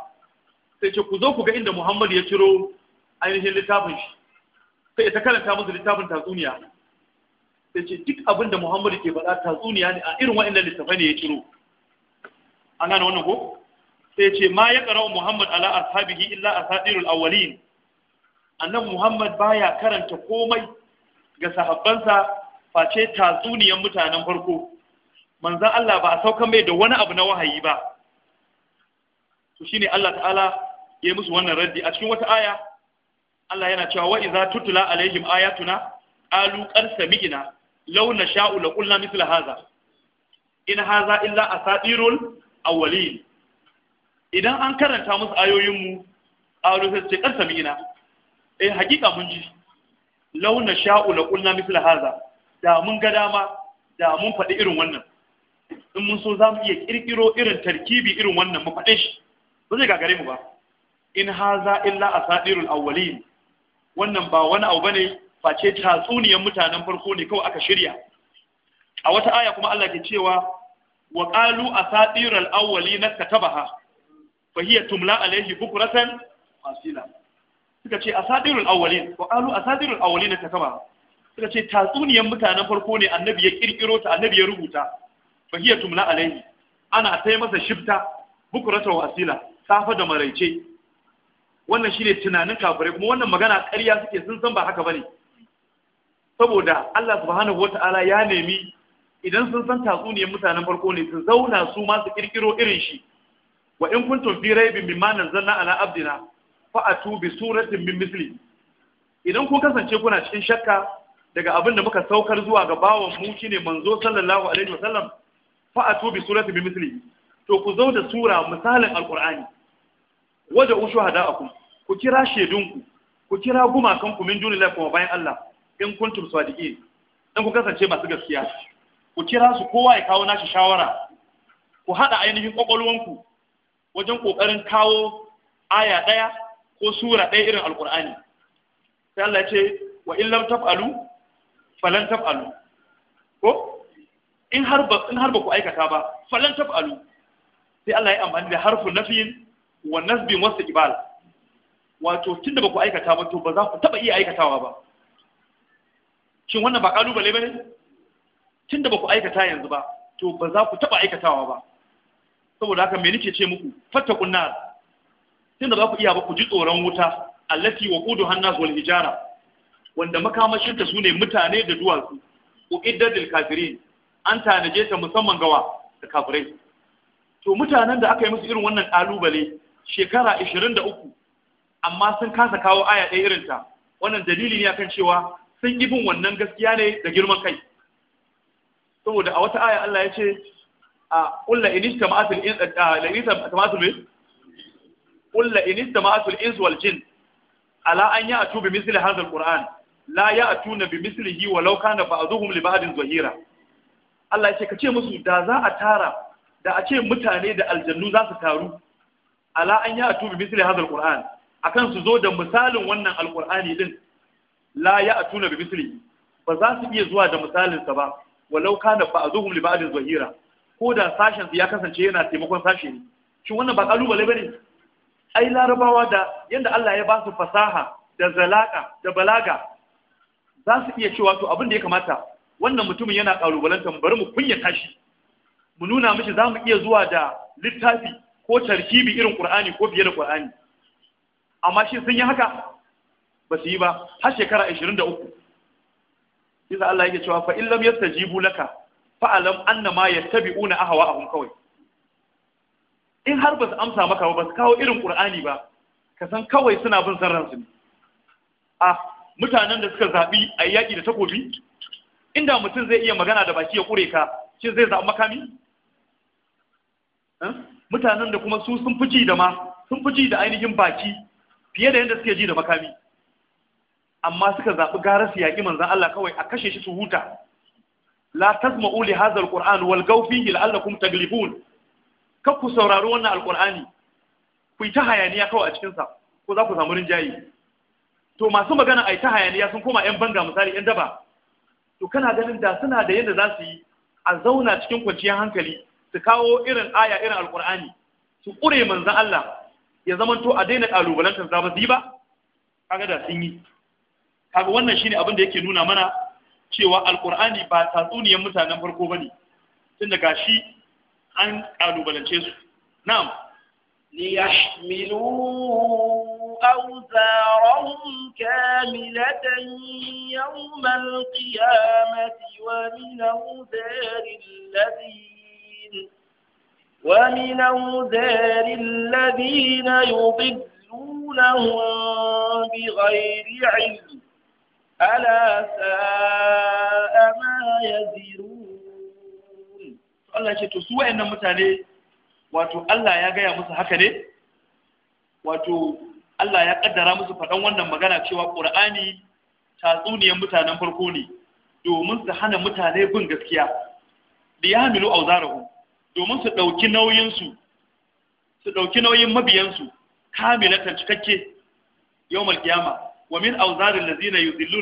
sai ce ku zo ku ga inda muhammad ya ciro ainihin littafin shi sai ya ta karanta musu littafin tatsuniya sai ce duk abin da muhammad ke faɗa tatsuniya ne a irin waɗannan littafai ne ya ciro an gane wannan ko sai ce ma ya ƙarau muhammad ala ashabihi illa asadirul awwalin annan muhammad baya karanta komai ga sahabbansa face tatsuniyan mutanen farko manzan Allah ba a sauka mai da wani abu na wahayi ba to shine Allah ta'ala ya yi musu wannan raddi a cikin wata aya Allah yana cewa wa iza tutula alaihim ayatuna qalu qad sami'na law nasha'u la qulna mithla hadha in hadha illa asatirul awwalin idan an karanta musu ayoyin mu qalu sai qad sami'na eh hakika mun ji launa sha'u na ƙulna mithla haza da mun ga dama da mun faɗi irin wannan in mun so za mu iya ƙirƙiro irin tarkibi irin wannan mu faɗe shi ba zai gagare mu ba in haza illa asadirul awwalin wannan ba wani abu bane face tatsuniyar mutanen farko ne kawai aka shirya a wata aya kuma Allah ke cewa wa qalu asadirul awwalin katabaha fa hiya tumla alaihi bukratan fasila suka ce a awali, ko alu a asadirul awwalin ta kama suka ce tatsuniyan mutanen farko ne annabi ya kirkiro ta annabi ya rubuta fa hiya tumla alaihi ana tai masa shifta bukurata wasila safa da maraice wannan shine tunanin kafirai kuma wannan magana karya suke sun san ba haka ba ne. saboda Allah subhanahu wataala ya nemi idan sun san tatsuniyan mutanen farko ne su zauna su ma su kirkiro irin shi wa in kuntum fi raibin mimma nazzalna ala abdina fa'atu bi suratin min misli idan ku kasance kuna cikin shakka daga abin da muka saukar zuwa ga bawan mu shine manzo sallallahu alaihi wasallam fa'atu bi suratin min misli to ku zo da sura misalin alqur'ani wada ushuhada'akum ku kira shedunku ku kira gumakanku min dunillahi kuma bayan Allah in kuntum sadiqin dan ku kasance masu gaskiya ku kira su kowa ya kawo nashi shawara ku hada ainihin kwakwalwanku wajen kokarin kawo aya ɗaya. ko sura ɗaya irin alƙur'ani sai Allah ce wa in lam taf'alu falan taf'alu ko in har ba in har ba ku aikata ba falan taf'alu sai Allah ya amfani da harfu nafiyin wa nasbin wa istiqbal wato tunda ba ku aikata ba to ba za ku taba iya aikatawa ba shin wannan ba kalubale bane tunda ba ku aikata yanzu ba to ba za ku taba aikatawa ba saboda haka me nake ce muku fattakun nar tunda za ku iya ba ku ji tsoron wuta allati wa qudu hannas wal hijara wanda makamashin ta sune mutane da duwatsu uiddatil kafirin an tanaje ta musamman gawa da kafirai to mutanen da aka yi musu irin wannan kalubale shekara 23 amma sun kasa kawo aya ɗaya irin ta wannan dalili ne akan cewa sun yi bin wannan gaskiya ne da girman kai saboda a wata aya Allah ya ce a kulla inista ma'atul inista ma'atul kulla in istama'atul ins wal jin ala an ya'tu bi misli hadha alquran la ya'tuna bi mislihi walau kana ba'dhum li ba'din zahira Allah yake kace musu da za a tara da a ce mutane da aljannu za su taru ala an ya'tu bi misli hadha alquran akan su zo da misalin wannan alqur'ani din la ya'tuna bi mislihi ba za su iya zuwa da misalinsa ba walau zahira ko da sashen ya kasance yana taimakon sashe ne shin wannan ba kalubale bane ai larabawa da yadda Allah ya ba su fasaha da zalaka da balaga za su iya cewa to abin da ya kamata wannan mutumin yana mu bari mu kunya tashi mu nuna mishi za mu iya zuwa da littafi ko tarkibi irin ƙur'ani ko fiye da ƙur'ani amma shi sun yi haka ba su yi ba har shekara 23 isa Allah yake cewa fa in lam yastajibu laka fa alam annama yattabi'una ahwa'ahum kawai in har ba su amsa maka ba su kawo irin ƙur'ani ba ka san kawai suna bin sarransu ne a mutanen da suka zaɓi a yaƙi da takobi inda mutum zai iya magana da baki ya ƙure ka shi zai zaɓi makami eh? mutanen da kuma su sun fi da ma sun fi da ainihin baki fiye da yadda suke ji da makami amma suka zaɓi gara su yaƙi manzan Allah kawai a kashe shi su huta la tasma'u li hadha alquran wal gawfihi la'allakum kar ku saurari wannan alkur'ani ku yi ta hayaniya kawai a cikinsa ko za ku samu rinjaye to masu magana a yi ta hayaniya sun koma 'yan banga misali 'yan daba to kana ganin da suna da yadda za su yi a zauna cikin kwanciyar hankali su kawo irin aya irin alkur'ani su ƙure manzan Allah ya zama to a daina ƙalubalantar za ba su yi ba kaga da sun yi kaga wannan shine abin da yake nuna mana cewa alkur'ani ba tatsuniyar mutanen farko ne tun daga shi an kalubalance su نعم ليحملوا أوزارهم كاملة يوم القيامة ومن أوزار الذين ومن أوزار الذين يضلونهم بغير علم ألا ساء ما يزرون Allah ce to su wayannan mutane wato Allah ya gaya musu haka ne wato Allah ya kaddara musu faɗan wannan magana cewa Qur'ani tatsuniyar mutanen farko ne domin su hana mutane bin gaskiya da ya hamilu auzarahu domin su ɗauki nauyinsu su ɗauki nauyin mabiyansu kamilatan cikakke yawmal qiyama wa min auzarin lazina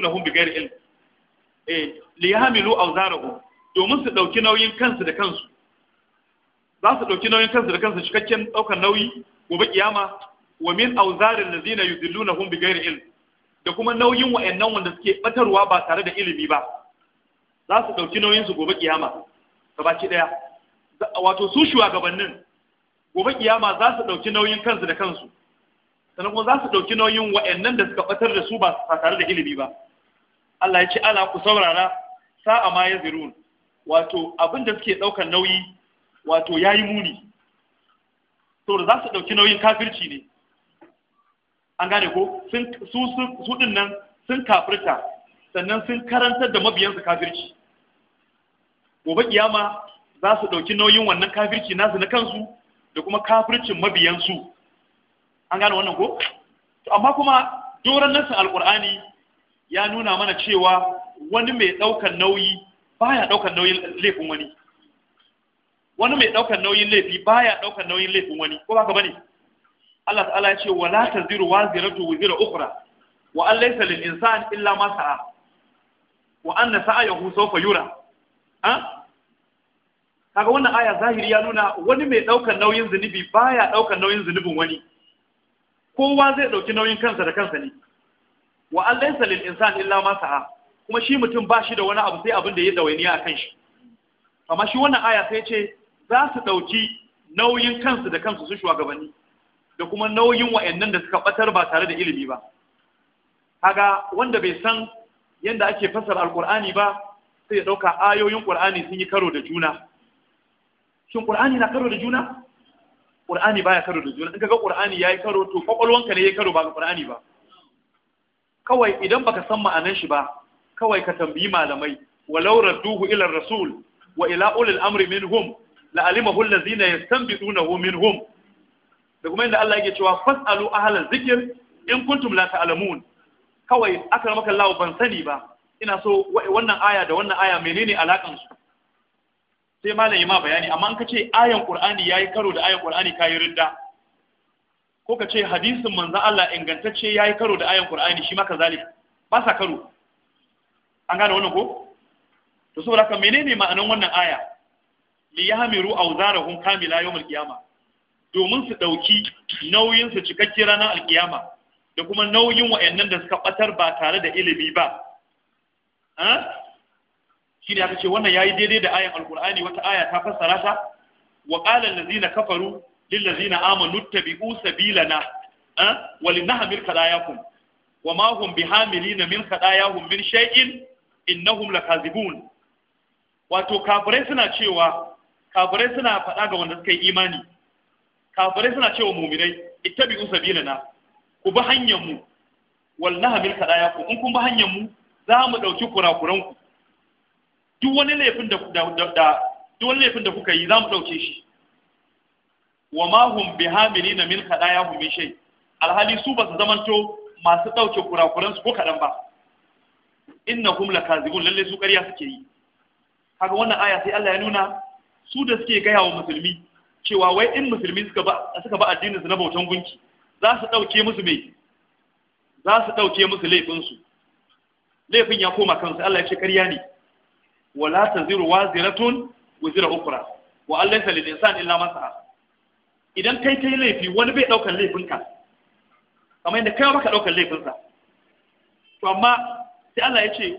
hun bigar ilm eh li yahmilu auzarahum domin su ɗauki nauyin kansu da kansu za su ɗauki nauyin kansu da kansu cikakken ɗaukar nauyi gobe kiyama wa min auzarin lazina yudillunahum bighairi ilm da kuma nauyin wa'annan wanda suke batarwa ba tare da ilimi ba za su ɗauki nauyin su gobe kiyama gabaki ɗaya wato su shugabannin gobe kiyama za su ɗauki nauyin kansu da kansu sannan kuma za su ɗauki nauyin wa'annan da suka batar da su ba tare da ilimi ba Allah ya ce ala ku saurara sa'a ma yazirun wato abin da suke ɗaukar nauyi wato ya yi muni da za su ɗauki nauyin kafirci ne an gane ko su ɗin nan sun kafirta sannan sun karantar da mabiyansu kafirci gobe kiyama za su ɗauki nauyin wannan kafirci nasu na kansu da kuma kafircin mabiyansu an gane wannan ko amma kuma doron nasin alkur'ani ya nuna mana cewa wani mai ɗaukar nauyi baya daukar nauyin laifin wani wani mai daukar nauyin laifi baya daukar nauyin laifin wani ko baka bane Allah ta'ala ya ce wala taziru waziratu wazira ukhra wa an laysa lil insani illa ma sa'a wa anna sa'ayahu sawfa yura ha kaga wannan aya zahiri ya nuna wani mai daukar nauyin zunubi baya daukar nauyin zunubin wani kowa zai dauki nauyin kansa da kansa ne wa an laysa lil insani illa ma sa'a kuma shi mutum ba shi da wani abu sai abin da ya dawainiya a kan shi amma shi wannan aya sai ce za su ɗauki nauyin kansu da kansu su shugabanni da kuma nauyin wa'annan da suka batar ba tare da ilimi ba kaga wanda bai san yadda ake fasara alkur'ani ba sai ya ɗauka ayoyin ƙur'ani sun yi karo da juna shin ƙur'ani na karo da juna ƙur'ani baya karo da juna in kaga ƙur'ani yayi karo to kwakwalwanka ne yayi karo ba ga ƙur'ani ba kawai idan baka san ma'anar shi ba kawai ka tambayi malamai walau radduhu ila rasul wa ila ulil amri minhum la alimahu allazina yastanbidunahu minhum da kuma inda Allah yake cewa fasalu ahlal zikr in kuntum la ta'lamun kawai aka maka Allah ban sani ba ina so wannan aya da wannan aya menene alakan su sai malami ma bayani amma an kace ayan qur'ani yayi karo da ayan qur'ani kayi ridda ko kace hadisin manzon Allah ingantacce yayi karo da ayan qur'ani shi maka zalika ba sa karo an gane wannan ko to saboda kan menene ma'anan wannan aya li yahmiru awzarahum kamila yawm qiyama domin su dauki nauyin su cikakke ranar alkiyama da kuma nauyin wayannan da suka batar ba tare da ilimi ba ha shine aka ce wannan yayi daidai da ayan alqur'ani wata aya ta fassara ta wa qala allazina kafaru lil ladzina amanu tabi'u sabilana ha wa linahmir kadayakum wa ma hum bihamilina min kadayahum min shay'in innahum lakazibun wato kafirai suna cewa kafirai suna faɗa ga wanda suka yi imani kafirai suna cewa muminai ittabi'u sabilana ku bi hanyar mu wallahi mil kadaya ku in kun bi hanyar mu za mu dauki kurakuran ku duk wani laifin da duk wani laifin da kuka yi za mu dauke shi wa ma hum bihamilina min kadaya hum min shay alhali su ba su zamanto masu dauke kurakuran su ko kadan ba la kazibun lalle su ƙarya suke yi kaga wannan aya sai Allah ya nuna su da suke gaya wa musulmi cewa wai in musulmi suka ba suka ba addinin su na bautan gunki za su dauke musu me za su dauke musu laifin su laifin ya koma kansu Allah ya ce ƙarya ne wala taziru waziratun wazira ukra wa Allah lil insani illa masa sa'a idan kai kai laifi wani bai daukar laifinka kamar inda kai ba ka daukar laifinsa to amma sai Allah ya ce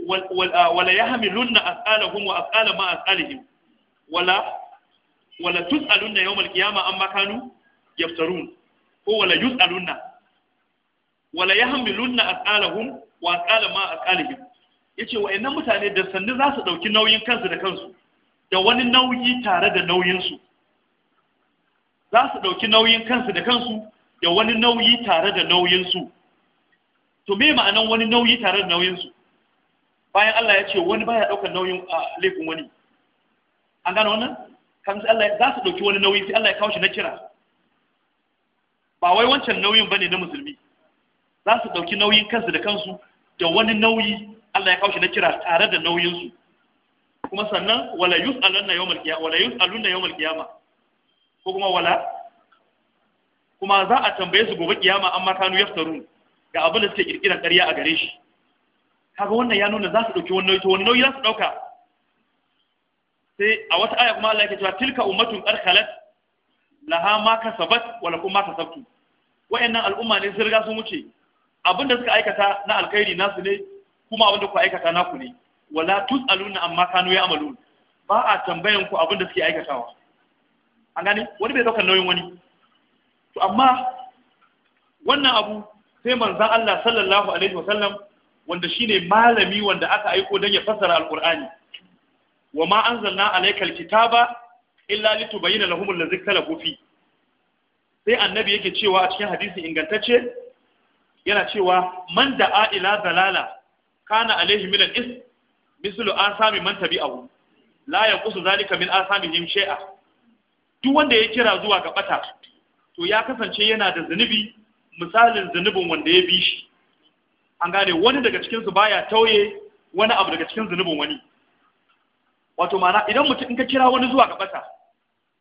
ah, wala ya hami tsala as'alahum wa tsala ma as'alihim wala wala tus'alunna yawmal qiyamah amma kanu yaftarun ko wala lunna wala ya hami tsala as'alahum wa tsala ma ce wa'in nan mutane da sannu za su ɗauki nauyin kansu da kansu da wani nauyi tare da nauyinsu za su ɗauki nauyin kansu da kansu da wani nauyi tare da nauyinsu to me ma'anan wani nauyi tare da nauyinsu bayan Allah ya ce wani baya daukar nauyin laifin wani an gano wannan kan sai Allah za su dauki wani nauyi sai Allah ya kawo shi na kira ba wai wancan nauyin bane na musulmi za su dauki nauyin kansu da kansu da wani nauyi Allah ya kawo shi na kira tare da nauyin su kuma sannan wala yus'aluna yawmal qiyamah wala yus'aluna yawmal qiyamah ko kuma wala kuma za a tambaye su gobe kiyama amma kanu yaftaru ga abin da suke kirkiran ƙarya a gare shi kaga wannan ya nuna za su ɗauki wani nauyi to wani nauyi za su ɗauka sai a wata aya kuma Allah yake cewa tilka ummatun ƙarƙalat laha ma kasabat wala lakum ma kasabtum wayannan al'umma ne sun riga sun wuce abinda suka aikata na alkhairi nasu ne kuma abinda ku aikata naku ne wala tusaluna amma kanu ya'malun ba a tambayan ku abinda suke aikatawa an gane wani bai ɗaukar nauyin wani to amma wannan abu sai manzon Allah sallallahu alaihi wasallam wanda shine malami wanda aka aiko dan ya fassara alqur'ani wa ma anzalna alayka kitaba illa litubayyana lahum allazi khalaqu fi sai annabi yake cewa a cikin hadisi ingantacce yana cewa man da'a ila dalala kana alaihi min al-is mislu asami man tabi'ahu la yaqusu zalika min him shay'a duk wanda ya kira zuwa ga bata to ya kasance yana da zunubi misalin zunubin wanda ya bi shi an gane wani daga cikinsu baya tauye wani abu daga cikin zunubin wani wato mana idan mutum in ka kira wani zuwa ga bata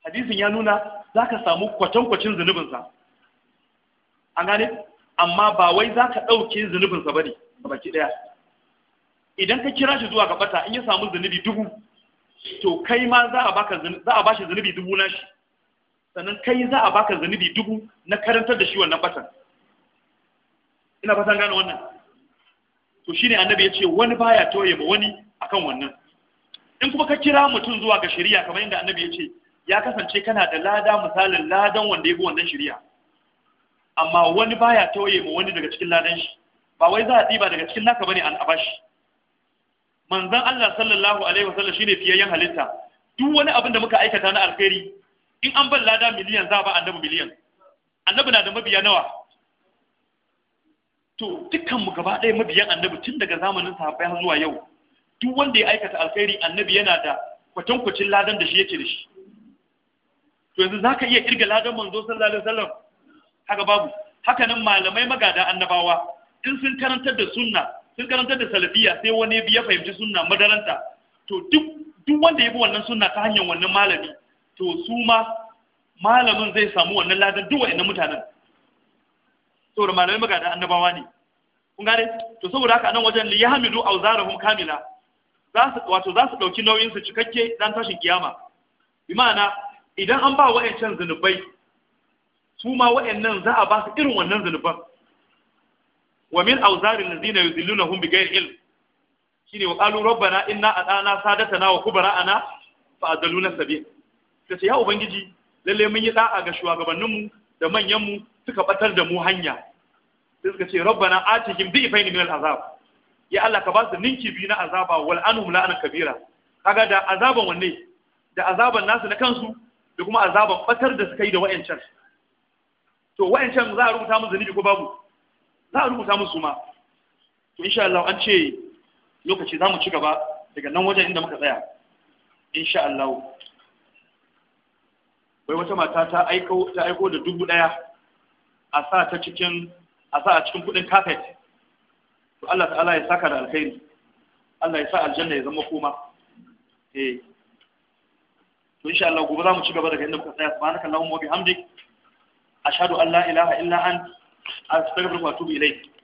hadisin ya nuna za ka samu kwatankwacin zunubinsa an gane amma ba wai za ka ɗauke zunubinsa ba ne a baki ɗaya idan ka kira shi zuwa ga bata in ya samu zunubi dubu to kai ma za a ba shi bashi zunubi dubu na shi sannan kai za a baka zunubi dubu na karantar da shi wannan batan ina fatan gane wannan to shine annabi ya ce wani baya toye ma wani akan wannan in kuma ka kira mutum zuwa ga shari'a kamar yadda annabi ya ce ya kasance kana da lada misalin ladan wanda ya bi wannan shari'a amma wani baya toye ma wani daga cikin ladan shi ba wai za a diba daga cikin naka bane an abashi manzon Allah sallallahu alaihi wasallam shine fiyayyen halitta duk wani abin da muka aikata na alkhairi in an ban lada miliyan za ba annabi miliyan annabi na da mabiya nawa to dukkan mu gaba ɗaya mabiyan annabi tun daga zamanin sahabbai har zuwa yau duk wanda ya aikata alkhairi annabi yana da kwatankwacin ladan da shi yake da shi to yanzu zaka iya kirga ladan manzo sallallahu alaihi wasallam haka babu haka nan malamai magada annabawa in sun karantar da sunna sun karantar da salafiya sai wani ya fahimci sunna madaranta to duk duk wanda ya bi wannan sunna ta hanyar wannan malami to su ma malamin zai samu wannan ladan duk wa'annan mutanen saboda malamai magada annabawa ne kun gane to saboda haka nan wajen liyahmidu auzarahum kamila za su wato za su dauki nauyin su cikakke dan tashin kiyama bi ma'ana idan an ba wa'ancan zanubai su ma wa'annan za a ba su irin wannan zanuban wa min awzaril ladina yudillunahum bighair ilm shine wa qalu rabbana inna atana sadatana wa kubara'ana fa adalluna sabil ce ya ubangiji lalle mun yi da'a ga shugabanninmu da manyanmu suka batar da mu hanya sai suka ce rabbana atihim bi'fayn min al'azab ya Allah ka ba su ninki bi na azaba wal anhum la'anan kabira kaga da azaban wanne da azaban nasu na kansu da kuma azaban fatar da suka yi da wayancan to wayancan za a rubuta musu zanibi ko babu za a rubuta musu ma to insha Allah an ce lokaci za mu ci gaba daga nan wajen inda muka tsaya insha Allah wai wata mata ta aiko ta aiko da dubu daya a sa ta cikin a sa a cikin kudin kafet to Allah ta'ala ya saka da alkhairi Allah ya sa aljanna ya zama kuma. eh to insha Allah gobe za mu ci gaba daga inda kuka tsaya subhanaka allahumma wa bihamdik ashhadu an la ilaha illa ant astaghfiruka wa atubu ilayk